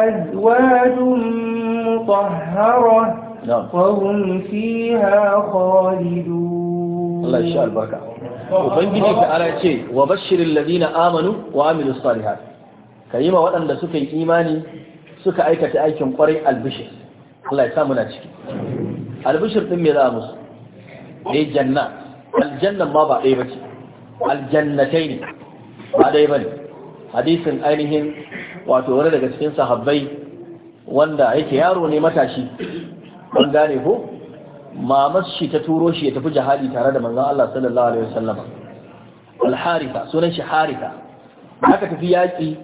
أزواج مطهرة نعم وهم فيها خالدون الله يشاء البركة وبنجي شيء وبشر الذين آمنوا وعملوا الصالحات ka yi ma waɗanda suka yi imani suka aikata aikin ƙwarai albishir Allah ya samu na ciki albishir ɗin me za a musu ne janna aljannan ma ba ɗaya ba ce aljannatai ne ba ɗaya ba ne hadisin ainihin wato wani daga cikin sahabbai wanda yake yaro ne matashi ban gane ko mamas shi ta turo shi ya tafi jihadi tare da manzon Allah sallallahu alaihi wasallam al sunan shi harika aka tafi yaki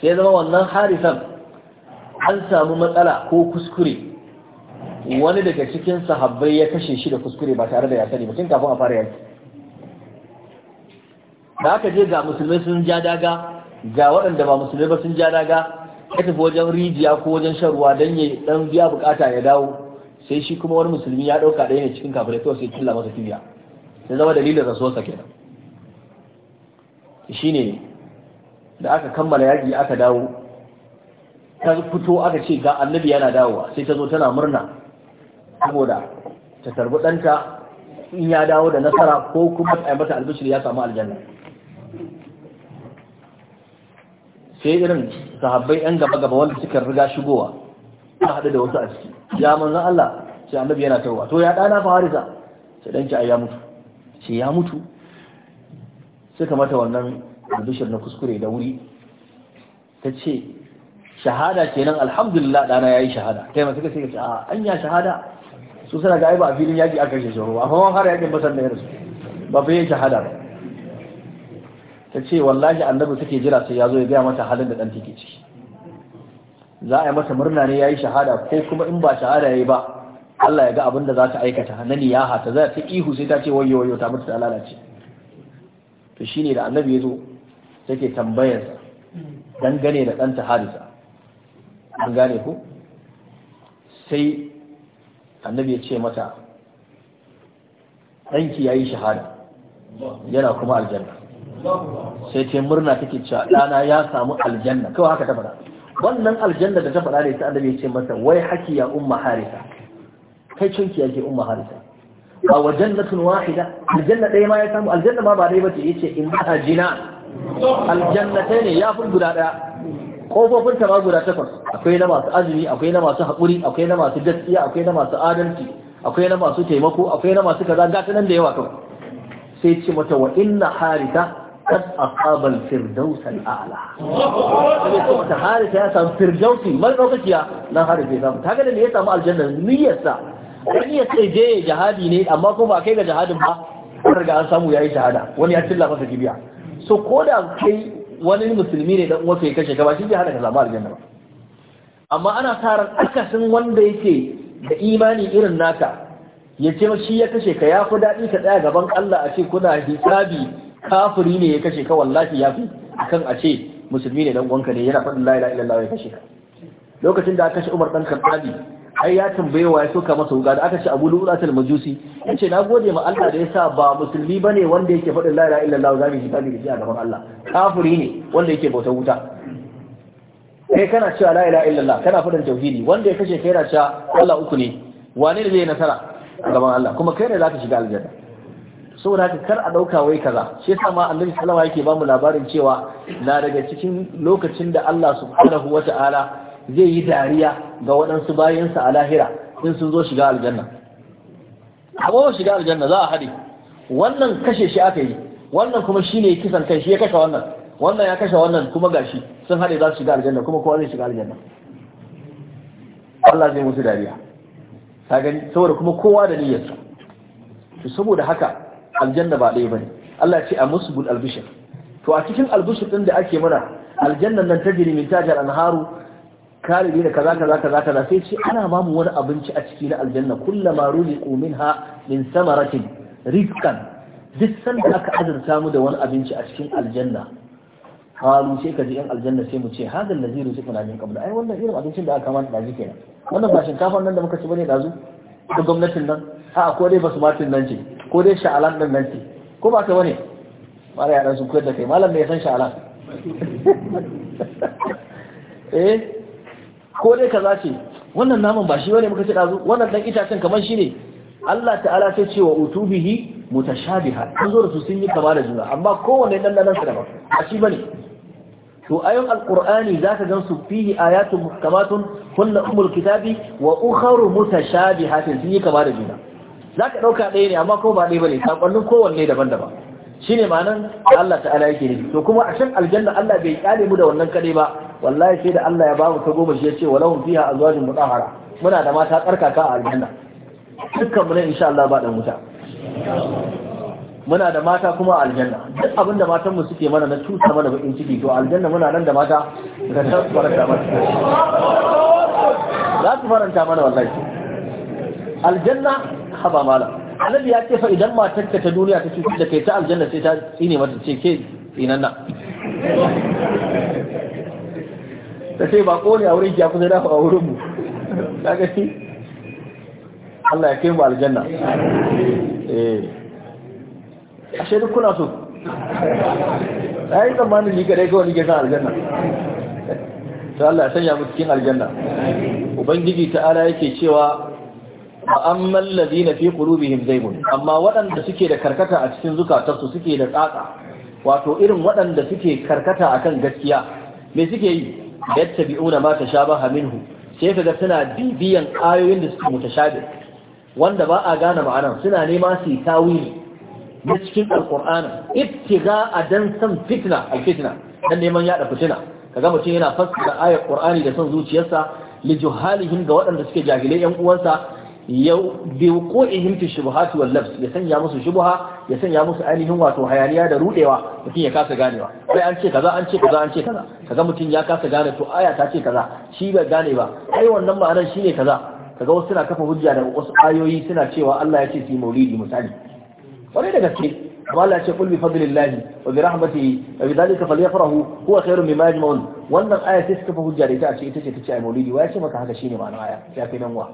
sai zama wannan harisan an samu matsala ko kuskure wani daga cikin sahabbai ya kashe shi da kuskure ba tare da ya sani mutum kafin a fara yanki da aka je ga musulmai sun ja daga ga waɗanda ba musulmai ba sun ja daga ya tafi wajen rijiya ko wajen shan ruwa don ya dan biya bukata ya dawo sai shi kuma wani musulmi ya ɗauka ɗaya ne cikin kafin ya sai killa masa kibiya sai zama dalilin rasuwarsa kenan shine da aka kammala yaƙi aka dawo ta fito aka ce ga annabi yana dawowa sai ta zo tana murna saboda ta tarbi ɗanta in ya dawo da nasara ko kuma a mata albishir ya samu aljanna sai irin sahabbai yan gaba-gaba wanda suka riga shigowa ta haɗu da wasu a ciki ya manzan Allah sai annabi yana tarwa, to ya ɗana fa harisa sai ɗanki ai ya mutu sai ya mutu sai mata wannan albishir na kuskure da wuri ta ce shahada kenan alhamdulillah dana yi shahada kai masu suka ce ka an ya shahada su suna ga aiba a filin yaki aka shi shahu amma wani har yakin basar da ya rasu ba bai shahada ba ta ce wallahi annabi take jira sai ya zo ya gaya mata halin da dan take ciki za a yi mata murna ne ya yi shahada ko kuma in ba shahada ya yi ba Allah ya ga abin da za ta aikata na niyaha ta za ta ihu sai ta ce wayo wayo ta mutu ta lalace to ne da annabi ya zo take tambayarsa dangane da ɗanta harisa an gane ku sai annabi ya ce mata ɗanki ya yi shahada yana kuma aljanna sai ta murna take cewa ɗana ya samu aljanna kawai haka ta faɗa wannan aljanna da ta faɗa ne ta annabi ya ce mata wai haki ya umma harisa kai cinki yake umma harisa ba wa jannatun wahida aljanna ɗaya ma ya samu aljanna ma ba dai bace yace in ha jina aljannatai ne ya fi guda ɗaya ƙofofin ta ma guda takwas akwai na masu azumi akwai na masu haƙuri akwai na masu gaskiya akwai na masu adalci akwai na masu taimako akwai na masu kaza gata nan da yawa kawai sai ce mata wa inna harita kad asabal firdaus a'la sai ce mata harita ya samu firdausi mal daukakiya nan harita ya samu kaga da ne ya samu aljanna niyyarsa ya sai je jihadi ne amma ko ba kai ga jihadin ba an riga an samu yayi shahada wani ya tilla masa jibiya so ko da kai wani musulmi ne dan uwarka ya kashe ka ba shi zai hada ka samu aljanna ba amma ana sa ran akasin wanda yake da imani irin naka ya ce shi ya kashe ka ya fi daɗi ka tsaya gaban Allah a ce kuna hisabi kafiri ne ya kashe ka wallahi ya fi akan a ce musulmi ne dan uwanka ne yana faɗin la ilaha illallah ya kashe ka lokacin da aka kashe Umar dan Khattabi ai ya tambaye wa ya soka masa wuga da aka ce abu lu'ulatul majusi yace na gode ma Allah da ya sa ba musulmi bane wanda yake faɗin la ilaha illallah za mu shiga da a gaban Allah kafiri ne wanda yake bautar wuta kai eh, kana cewa la ilaha illallah kana faɗin tauhidi wanda ya kashe kai yana cewa Allah uku ne wane ne zai nasara a gaban Allah kuma kai ne zaka shiga aljanna saboda haka kar a dauka wai kaza shi yasa ma Annabi sallallahu alaihi wasallam yake bamu labarin cewa na daga cikin lokacin da Allah subhanahu wataala zai yi dariya ga waɗansu bayansa a lahira in sun zo shiga aljanna abubuwan shiga aljanna za a haɗe wannan kashe shi aka yi wannan kuma shi ne kisan kai shi ya kashe wannan wannan ya kashe wannan kuma gashi sun haɗe za su shiga aljanna kuma kowa zai shiga aljanna Allah zai musu dariya ta gani saboda kuma kowa da niyyarsa to saboda haka aljanna ba ɗaya bane Allah ce a musbul albishir to a cikin albishir din da ake mana aljannan nan ta min tajar anharu kalibi da kaza kaza kaza kaza sai ce ana ba wani abinci a ciki na aljanna kullama ruziqu minha min samaratin rizqan duk sanda aka azurta mu da wani abinci a cikin aljanna halu sai ka ji yan aljanna sai mu ce hadal ladhi ruziquna min qabl ai wannan irin abincin da aka kamata da kenan wannan ba shinkafa nan da muka ci bane dazu da gwamnatin nan a ko dai basmatin nan ce ko dai sha'alan nan nan ce ko ba ka bane mara yaran sun koyar da kai malam ne ya san sha'alan eh ko dai kaza ce wannan naman ba shi bane muka ce dazu wannan dan itacen kamar shi ne Allah ta'ala sai ce wa utubihi mutashabiha an zo da su sun yi kama da juna amma kowanne dan dan da ba shi bane to ayon alqur'ani zaka gan su fihi ayatun muhkamatun kunna umul kitabi wa ukharu mutashabihatin sun yi kama da juna zaka dauka ɗaya ne amma ko ba ɗaya bane sakonnin kowanne daban-daban Shi ne ma'anan Allah ta'ala yake ne to kuma a shan aljanna Allah bai kyale mu da wannan kade ba wallahi sai da Allah ya ba mu ta goma shi yace walahum fiha azwajun mutahhara muna da mata tsarkaka a aljanna dukkan mu ne insha Allah ba dan wuta muna da mata kuma a aljanna duk abinda matan mu suke mana na tuta mana bakin ciki to aljanna muna nan da mata da ta faranta mana za su faranta mana wallahi aljanna haba malam annabi ya ce fa idan matarka ta duniya ta cutar da kai ta aljanna sai ta tsine mata ce ke tsinan nan ta ce ba ko ne a wurin ki kusa dafa a wurin mu ta gaske Allah ya kai mu aljanna eh ashe duk kuna so ai tsammanin ni kare ko ni ke san aljanna to Allah ya sanya mu cikin aljanna ubangiji ta'ala yake cewa fa amma alladhina fi zai zaygun amma waɗanda suke da karkata a cikin zukatarsu suke da tsatsa wato irin waɗanda suke karkata akan gaskiya me suke yi una ma tashabaha minhu sai ga suna bibiyan ayoyin da suke mutashabi wanda ba a gane ma'anar suna nema su yi tawili na cikin alqur'ani ittiga dan san fitna alfitna dan neman yaɗa fitina ka ga mutum yana fassara ayar ƙur'ani da son zuciyarsa li ga waɗanda suke jahilai yan uwansa Yau, biwuqu'ihim fi shubuhat wal labs ya sanya musu shubha ya sanya musu ainihin wato hayaniya da rudewa mutum ya kasa ganewa sai an ce kaza an ce kaza an ce kaza kaga mutum ya kasa gane to aya ta ce kaza shi bai gane ba ai wannan ma'anar shine kaza kaga wasu suna kafa hujja da wasu ayoyi suna cewa Allah ya ce fi maulidi misali kwarai da gaske amma Allah ya ce kul bi fadlillahi wa bi rahmatihi wa bi dhalika falyafrahu huwa khairun mimma yajma'un wannan aya sai suka kafa hujja da ita ce ita ce ce ai maulidi wa ya ce maka haka shine ma'anar aya ya kai nan wa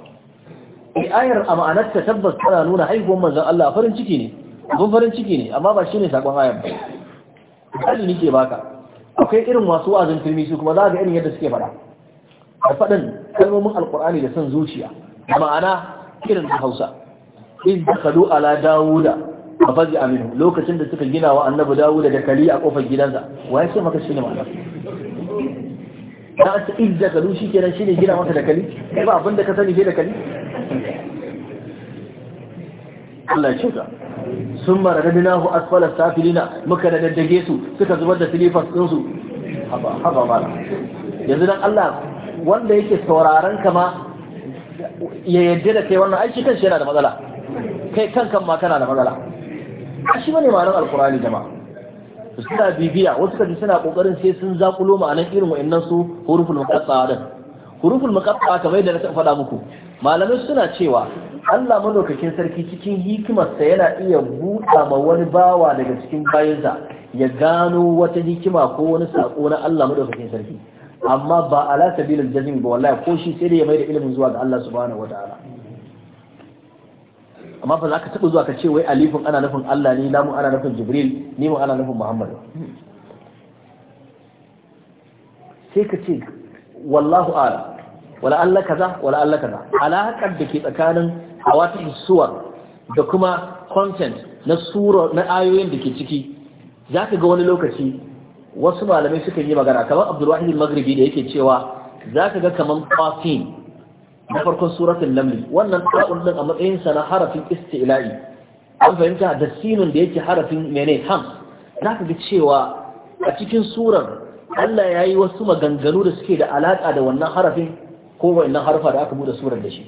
mai eh, ayar a ma'anar ta tabbas tana nuna haihuwar manzan Allah farin ciki ne abin farin ciki ne amma ba shine ne sakon ayar ba misali nike baka akwai irin masu wa'azin filmi su kuma za ga irin yadda suke fada da faɗin kalmomin alkur'ani da son zuciya da ma'ana irin da hausa in dakalu ala dawuda a fazi aminu lokacin da suka gina wa annabi dawuda da kali a kofar gidansa wa ya ce maka shi ne ma'ana da su izza kalu shi kenan shine gina maka da kali kai ba abin da ka sani ke da kali Allah ya ka sun mara ku asfala safilina muka da daddage su suka zubar da silifas din su haba haba mala yanzu dan Allah wanda yake sauraron ka ma ya yadda da kai wannan aiki shi yana da matsala kai kankan ma kana da matsala a shi bane malamin alqurani jama'a suna bibiya wasu kaji suna kokarin sai sun zakulo ma'anar irin wa'annan su huruful muqatta din huruful muqatta kamar yadda na faɗa muku malamai suna cewa Allah madaukakin sarki cikin hikimarsa yana iya buɗa ma wani bawa daga cikin bayansa ya gano wata hikima ko wani sako na Allah madaukakin sarki amma ba ala sabilil jazim ba wallahi ko shi sai da ya mai da ilimin zuwa ga Allah subhanahu wataala amma fa za ka taɓa zuwa ka ce wai alifin ana nufin Allah ne lamun ana nufin Jibril ni mu ana nufin Muhammad sai ka ce wallahu ala wala Allah kaza wala Allah kaza alaƙar da ke tsakanin hawatin suwar da kuma content na sura na ayoyin da ke ciki za ka ga wani lokaci wasu malamai suka yi magana kamar Abdul Wahid da yake cewa za ka ga kamar coffee na farkon suratul lamli wannan ta'un din a matsayin sa na harafin isti'la'i an fahimta da sinun da yake harafin mene ham zaka ga cewa a cikin surar Allah ya yi wasu maganganu da suke da alaƙa da wannan harafin ko wannan harfa da aka buɗe surar da shi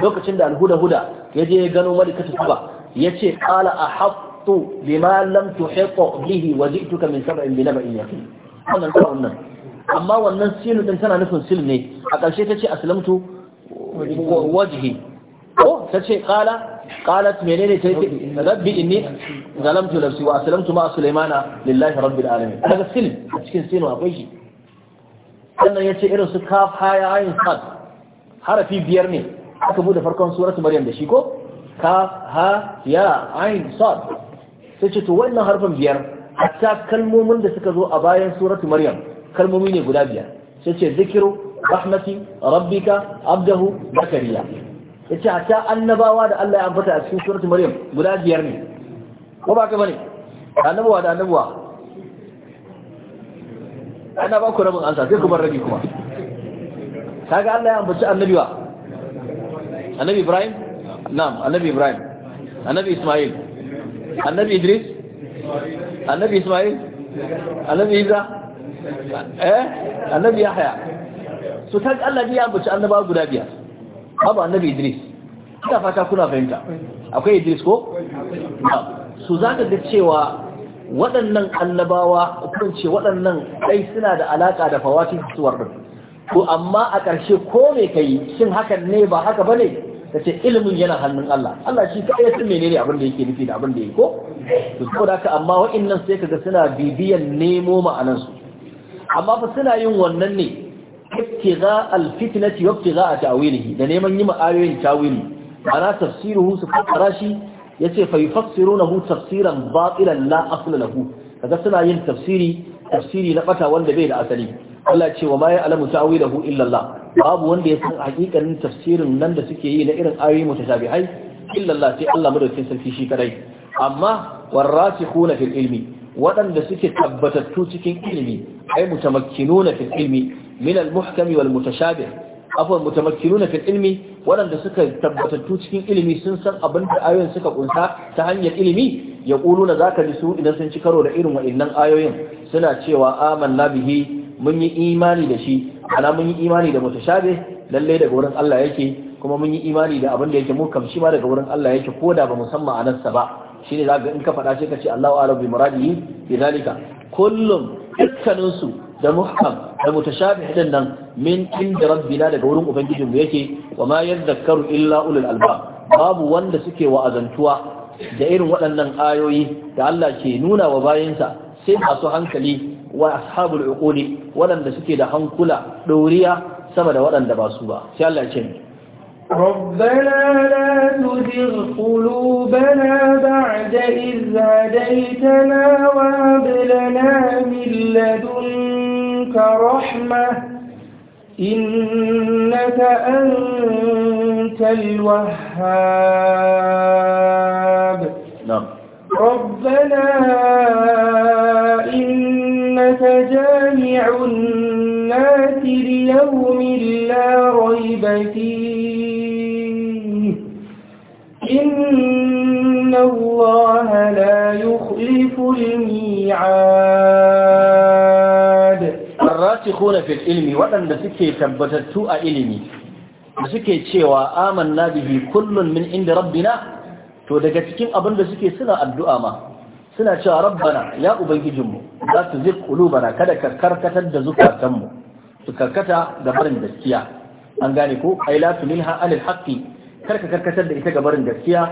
lokacin da alhuda huda ya je ya gano malikatu tuba ya ce qala ahattu bima lam tuhita bihi wa ji'tuka min sab'in bi naba'in yaqin wannan ta'un nan amma wannan silu din tana nufin sil ne a ƙarshe ta ce aslamtu wajhi ko ta ce kala qalat menene ta ce rabbi inni zalamtu nafsi wa aslamtu ma sulaimana lillahi rabbil alamin daga sil a cikin sinu akwai shi sannan yace irin su kaf ya ayin sad harafi biyar ne aka bude farkon suratu maryam da shi ko kaf ha ya ayin sad sai ce to wannan harfin biyar hatta kalmomin da suka zo a bayan suratu maryam kalmomi ne guda biyar sai ce zikiru rahmati rabbika abdahu zakariya yace hatta annabawa da Allah ya ambata a cikin suratul maryam guda biyar ne ko ba ka bane annabawa da annabawa ana ba ku rabin ansa sai ku bar rabi kuma kaga Allah ya ambaci annabi wa annabi Ibrahim na'am annabi Ibrahim annabi Ismail annabi Idris annabi Ismail annabi Isa eh annabi Yahya to ta Allah ya ambaci annaba guda biyar babu annabi Idris ina fata kuna fahimta akwai Idris ko su zaka ga cewa waɗannan annabawa kun ce waɗannan dai suna da alaka da fawatin suwar to amma a ƙarshe ko me kai shin hakan ne ba haka bane ta ce ilimin yana hannun Allah Allah shi kai sun menene abin da yake nufi da abin da yake ko to saboda haka amma wa'annan sai kaga suna bibiyan nemo ma'anansu. amma fa suna yin wannan ne ibtiza alfitnati za a ta'wilihi da neman yi ma'ayoyin tawili ana tafsiruhu su fassara shi yace fa yufassirunahu tafsiran batilan la asla lahu kaga suna yin tafsiri tafsiri na bata wanda bai da asali Allah ce wa ma ya'lamu ta'wilahu illa babu wanda ya san hakikanin tafsirin nan da suke yi na irin ayoyi mutashabihai illa Allah sai Allah madaukakin sarki shi kadai amma warasikhuna fil ilmi waɗanda suke tabbatattu cikin ilimi ai mutamakkinuna fil ilmi min al-muhkam wal mutashabih afwan mutamakkiluna fil ilimi, waɗanda suka tabbatatu cikin ilimi sun san abin da ayoyin suka kunsa ta hanyar ilimi ya kuluna zaka ji su idan sun ci karo da irin waɗannan ayoyin suna cewa amanna bihi mun yi imani da shi ana mun yi imani da mutashabih lallai daga wurin Allah yake kuma mun yi imani da abin da yake mu shi ma daga wurin Allah yake ko da ba musamman sa ba shine ga in ka faɗa shi ka ce Allahu a'lam bi muradihi bidalika kullum dukkanin da muhkam da mutashabih din nan min inda rabbina daga wurin ubangijin mu yake wa ma yadhakkaru illa ulul albab babu wanda suke wa'azantuwa da irin waɗannan ayoyi da Allah ke nuna wa bayinsa sai masu hankali wa ashabul uquli waɗanda suke da hankula ɗoriya sama da waɗanda ba su ba sai Allah ya ce ربنا لا تزغ قلوبنا بعد إذ هديتنا وهب لنا من لدنك رحمة إنك أنت الوهاب نعم ربنا إنك جامع الناس ليوم لا ريب فيه إن الله لا يخلف الميعاد الراسخون في العلم وأن سكي تبتتوء علمي suke cewa amanna bihi kullum min inda rabbina to daga cikin abin da suke suna addu'a ma suna cewa rabbana ya ubangijinmu za su zai kulubana kada ka karkatar da zukatanmu su karkata da barin gaskiya an gane ko ai la tu minha anil karka karkatar da ita ga barin gaskiya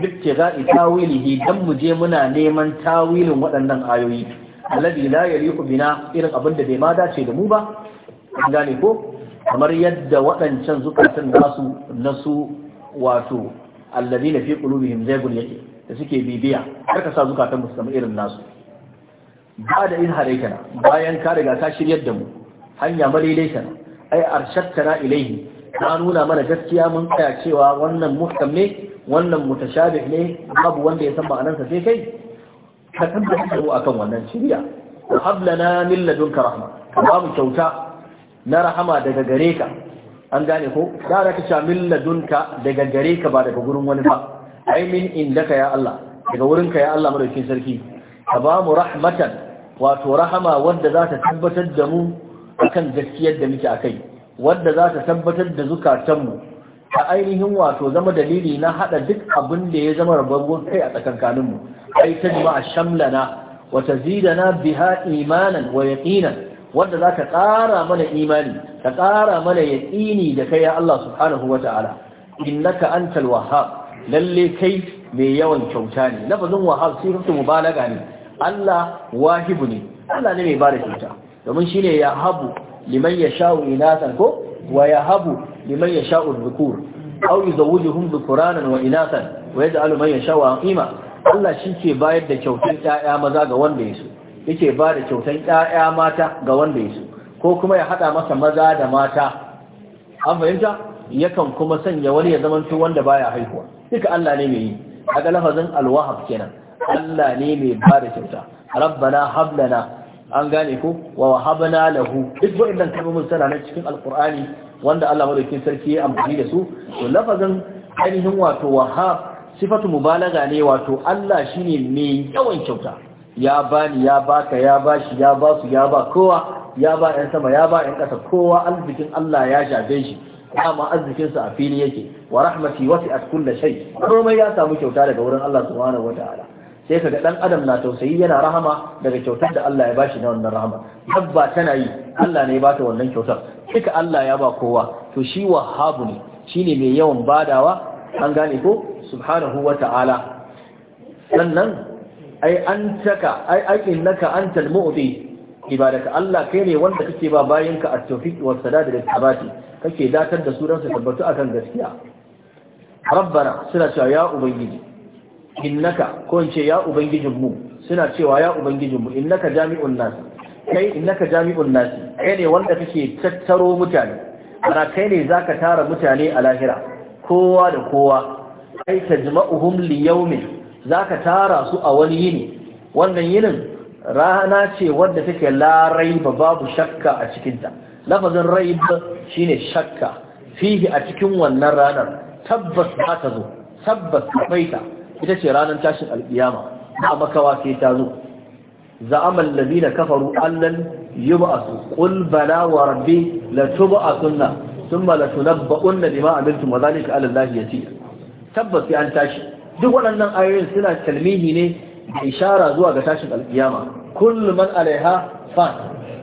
duk ce za a tawilihi dan mu je muna neman tawilin waɗannan ayoyi alladhi la yaliqu bina irin abin da bai ma dace da mu ba an gane ko kamar yadda waɗancan zukatan su nasu wato alladhina fi qulubihim zaygun yake da suke bibiya karka sa zukatan mu samu irin nasu ba da in kana, bayan ka riga ka shiryar da mu hanya madaidaitana ai arshatta ilaihi na nuna mana gaskiya mun tsaya cewa wannan muhkam ne wannan mutashabih ne babu wanda ya san ma'anarsa sai kai ka tabbata da akan wannan shiriya wa hablana min ladunka rahma babu kyauta na rahama daga gare ka an gane ko da ka ce min ladunka daga gare ka ba daga gurin wani ba ai min indaka ya Allah daga wurin ka ya Allah madaukakin sarki ka ba mu rahmatan wato rahama wanda za ta tabbatar da mu akan gaskiyar da muke akai wadda za ta tabbatar da zukatanmu ta ainihin wato zama dalili na hada duk abin da ya zama rabon kai a tsakankaninmu ai ta jima'a shamlana wa na biha imanan wa yaqinan wadda za ta ƙara mana imani ta ƙara mana yaqini da kai ya Allah subhanahu wa ta'ala innaka antal wahhab lalle kai mai yawan kyauta ne lafazin wahhab sifatu mubalaga ne Allah wahibu ne Allah ne mai bada kyauta domin shine ya habu liman Sha'u inasan ko wa habu liman yasha'u dhukur aw yuzawwijuhum dhukuranan wa inasan wa yaj'alu man yasha'u aqima Allah shi ke bayar da kyautar ƴaƴa maza ga wanda yaso yake ba da kyautar ƴaƴa mata ga wanda yaso ko kuma ya hada masa maza da mata an fahimta yakan kuma sanya wani ya zamanto wanda baya haihuwa duka Allah ne mai yi a ga lafazin alwahab kenan Allah ne mai ba da kyauta rabbana hablana an gane ko wa wahabna lahu duk waɗannan kalmomin suna nan cikin alqur'ani wanda Allah madaukakin sarki ya amfani da su to lafazin ainihin wato wahab sifatu mubalaga ne wato Allah shine mai yawan kyauta ya bani ya baka ya bashi ya basu ya ba kowa ya ba ɗan sama ya ba ɗan ƙasa kowa arzikin Allah ya shafe shi dama arzikin sa a fili yake wa rahmati wasi'at kulli shay komai ya samu kyauta daga wurin Allah subhanahu wataala sai ga dan adam na tausayi yana rahama daga kyautar da Allah ya bashi na wannan rahama dabba tana yi Allah ne ya bata wannan kyautar duka Allah ya ba kowa to shi wahabu ne shine mai yawan badawa an gane ko subhanahu wata'ala sannan ai antaka ai aikinnaka antal mu'ti ibadaka Allah kai ne wanda kake ba bayanka a tawfiq wa sadad da tabati kake datar da su don su tabbatu akan gaskiya rabbana suna cewa ya ubangiji innaka ko in ce ya ubangijin mu suna cewa ya ubangijin mu innaka jami'un nasi? kai innaka jami'un nasi? kai ne wanda kake tattaro mutane ana kai ne zaka tara mutane a lahira kowa da kowa kai tajma'uhum li yawmin zaka tara su a wani yini wannan yinin rana ce wadda take Larai ba babu shakka a cikinta lafazin raib shine shakka fihi a cikin wannan ranar tabbas za ta zo tabbas ka baita ita ce ranar tashin alkiyama ba makawa ke ta zo za'ama allazina kafaru allan yub'asu qul bala wa rabbi la tub'asunna thumma la tunabba'unna bima amiltum wa dhalika 'ala allahi yasir tabbas an tashi duk waɗannan ayoyin suna talmihi ne da ishara zuwa ga tashin alkiyama kullu man alaiha fa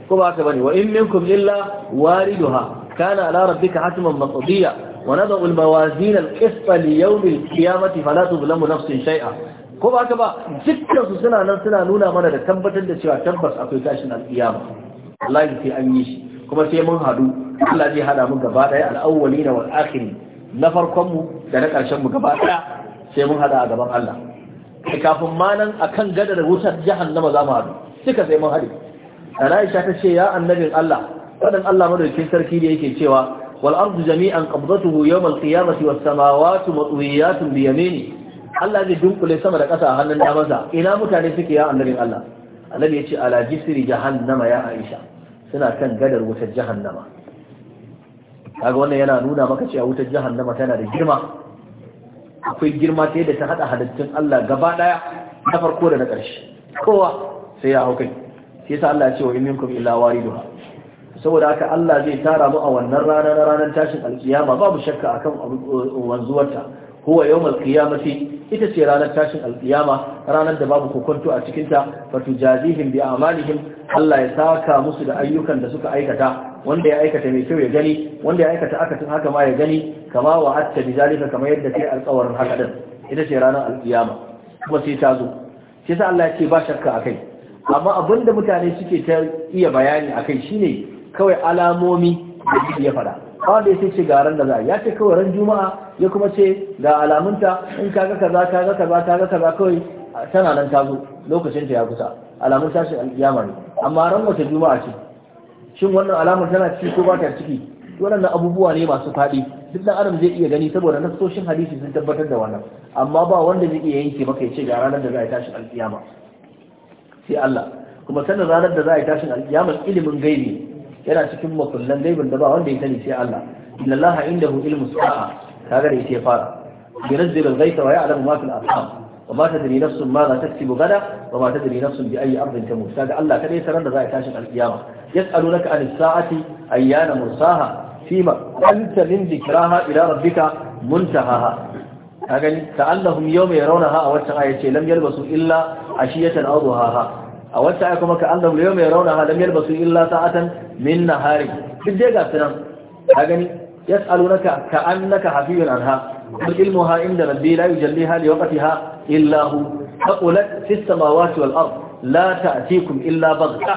kuma haka bane wa in minkum illa wariduha kana ala rabbika hatman maqdiya ونضع الموازين القسط ليوم القيامة فلا تظلم نفس شيئا ko ba ba dukkan su suna nan suna nuna mana da tabbatar da cewa tabbas akwai tashin alƙiyama wallahi sai an yi shi kuma sai mun hadu Allah zai hada mu gaba daya al-awwalin wal akhirin na farkon mu da na karshen mu gaba daya sai mun hada a gaban Allah kai kafin ma nan akan gadar wutar jahannama za mu hadu Sika sai mun hadu Aisha ta ce ya annabin Allah fadin Allah madaukakin sarki da yake cewa والأرض جميعا قبضته يوم القيامة والسماوات مطويات بيمينه Allah zai dunkule sama da ƙasa a hannun damansa ina mutane suke ya annabin Allah annabi ya ce ala jisri jahannama ya Aisha suna kan gadar wutar jahannama kaga wannan yana nuna maka cewa wutar jahannama tana da girma akwai girma ta yadda ta hada halittun Allah gaba daya na farko da na ƙarshe kowa sai ya hau kai sai yasa Allah ya ce wa in minkum illa wariduha saboda haka Allah zai tara mu a wannan rana na ranar tashin alkiyama babu shakka akan uh, wanzuwarta huwa yawmal qiyamati ita ce ranar tashin alkiyama ranar da babu kokonto a cikin ta fatujazihim bi amalihim Allah ya saka musu da ayyukan da suka aikata wanda ya aikata mai kyau ya gani wanda ya aikata akasin haka ma ya gani kama wa hatta bi zalika kamar yadda a alƙawarin haka din ita ce ranar alkiyama kuma sai ta zo sai sa Allah ya ce ba shakka akai amma abinda mutane suke ta iya bayani akai shine kawai alamomi da ya fada kawai da ya ce ga da za ya ce kawai ran juma'a ya kuma ce ga alamunta in kaga kaza kaga kaza kaga kaza kawai tana nan ta lokacin ta ya kusa alamun tashin alkiyama ne amma ran wata juma'a ce shin wannan alamar tana ciki ko ba ta ciki Wannan abubuwa ne masu faɗi duk da adam zai iya gani saboda nasoshin hadisi sun tabbatar da wannan amma ba wanda zai iya yanke maka ya ce ga ranar da za a yi tashin alƙiyama sai Allah kuma sanin ranar da za a yi tashin alkiyama ilimin gaibi yana cikin makullan gaibin da ba wanda ya sani sai Allah inna Allah indahu ilmu sa'a kaga da yake fara yunzilu al-ghaytha wa ya'lamu ma fil arham wa ma tadri nafsun ma za taktibu gada wa ma tadri nafsun bi ayi ardin tamut kaga Allah kada ya sanar da za a tashin alkiyama yas'alunaka an sa'ati ayyana mursaha fima anta min dhikraha ila rabbika muntahaha kaga yau mai yawma yarawnaha a wata ayace lam yalbasu illa ashiyatan aw duhaha a wata aya kuma ka annam liyo mai rauna ha lam yalbasu illa sa'atan min hari. duk dai ga sunan ka gani yas'alunaka ka annaka hafiyun anha ilmu ha inda rabbi la yujalliha li ha illa hu haqulat fis ma wal ard la kun illa baghta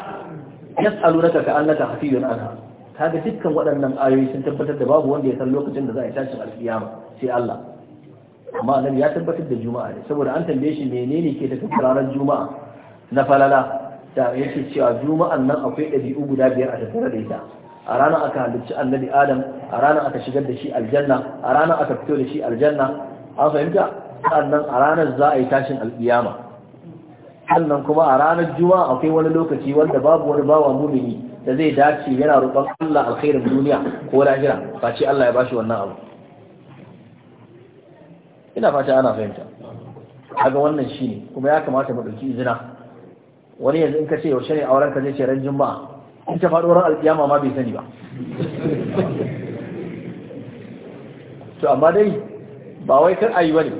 yas'alunaka ka annaka hafiyun anha kaga dukkan waɗannan ayoyi sun tabbatar da babu wanda ya san lokacin da za a yi tashin alkiyama sai Allah amma annabi ya tabbatar da juma'a ne saboda an tambaye shi menene ke da ranar juma'a na falala da yake cewa juma'an nan akwai ɗabi'u guda biyar a tattare da ita a ranar aka halicci annabi adam a ranar aka shigar da shi aljanna a ranar aka fito da shi aljanna an fahimta sannan a ranar za a yi tashin alƙiyama sannan kuma a ranar juma'a akwai wani lokaci wanda babu wani bawa mumini da zai dace yana roƙon Allah alkhairin duniya ko lahira ba ce Allah ya bashi wannan abu ina fata ana fahimta kaga wannan shine kuma ya kamata mu ɗauki izina wani yanzu in ka ce yaushe ne auren ka zai ce ran juma'a in ta faɗo alƙiyama ma bai sani ba to amma dai ba wai kar ayi bane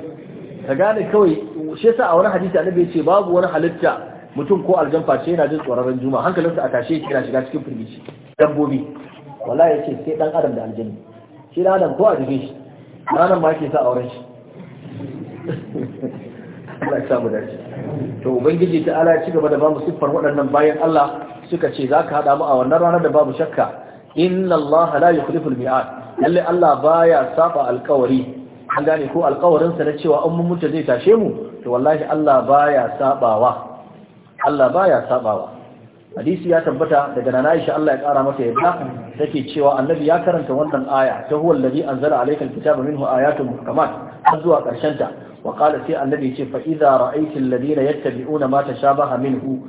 ka gane kawai shi yasa a wani hadisi annabi ya ce babu wani halitta mutum ko aljan face yana jin tsoron ran hankalin sa a tashe yake yana shiga cikin firgici dabbobi wallahi yace sai dan adam da aljanni shi dan adam ko a jikin shi ranan ma yake sa auren shi Allah ya samu dace to ubangiji ta ala ya ci gaba da bamu siffar waɗannan bayan Allah suka ce zaka hada mu a wannan ranar da babu shakka inna Allah la yukhlifu al-mi'ad lalle Allah baya saba alƙawari an gane ko alƙawarin sa na cewa an mun mutu zai tashe mu to wallahi Allah baya sabawa Allah baya sabawa hadisi ya tabbata daga nana Aisha Allah ya kara masa yadda take cewa annabi ya karanta wannan aya ta huwa allazi anzala alayka alkitaba minhu ayatun muhkamat har zuwa karshen ta وقال في النبي فإذا رأيت الذين يتبعون ما تشابه منه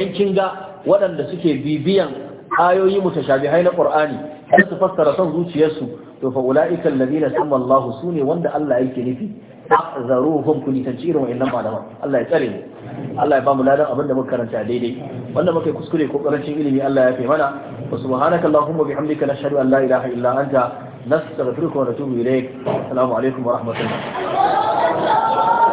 إذن كنغا ولن لسكي بيبيا آيوي متشابهين قرآني هل تفسر تنظوش يسو فأولئك الذين سمى الله سوني وند الله يكني في أعذروهم كني تنشيرهم إنما على الله يتعلم Allah ya ba mu ladan abin da muka karanta daidai wanda muka kuskure ko karancin ilimi Allah ya fi mana wa subhanakallahumma bihamdika nashhadu an la ilaha illa anta نستغفرك ونتوب إليك السلام عليكم ورحمة الله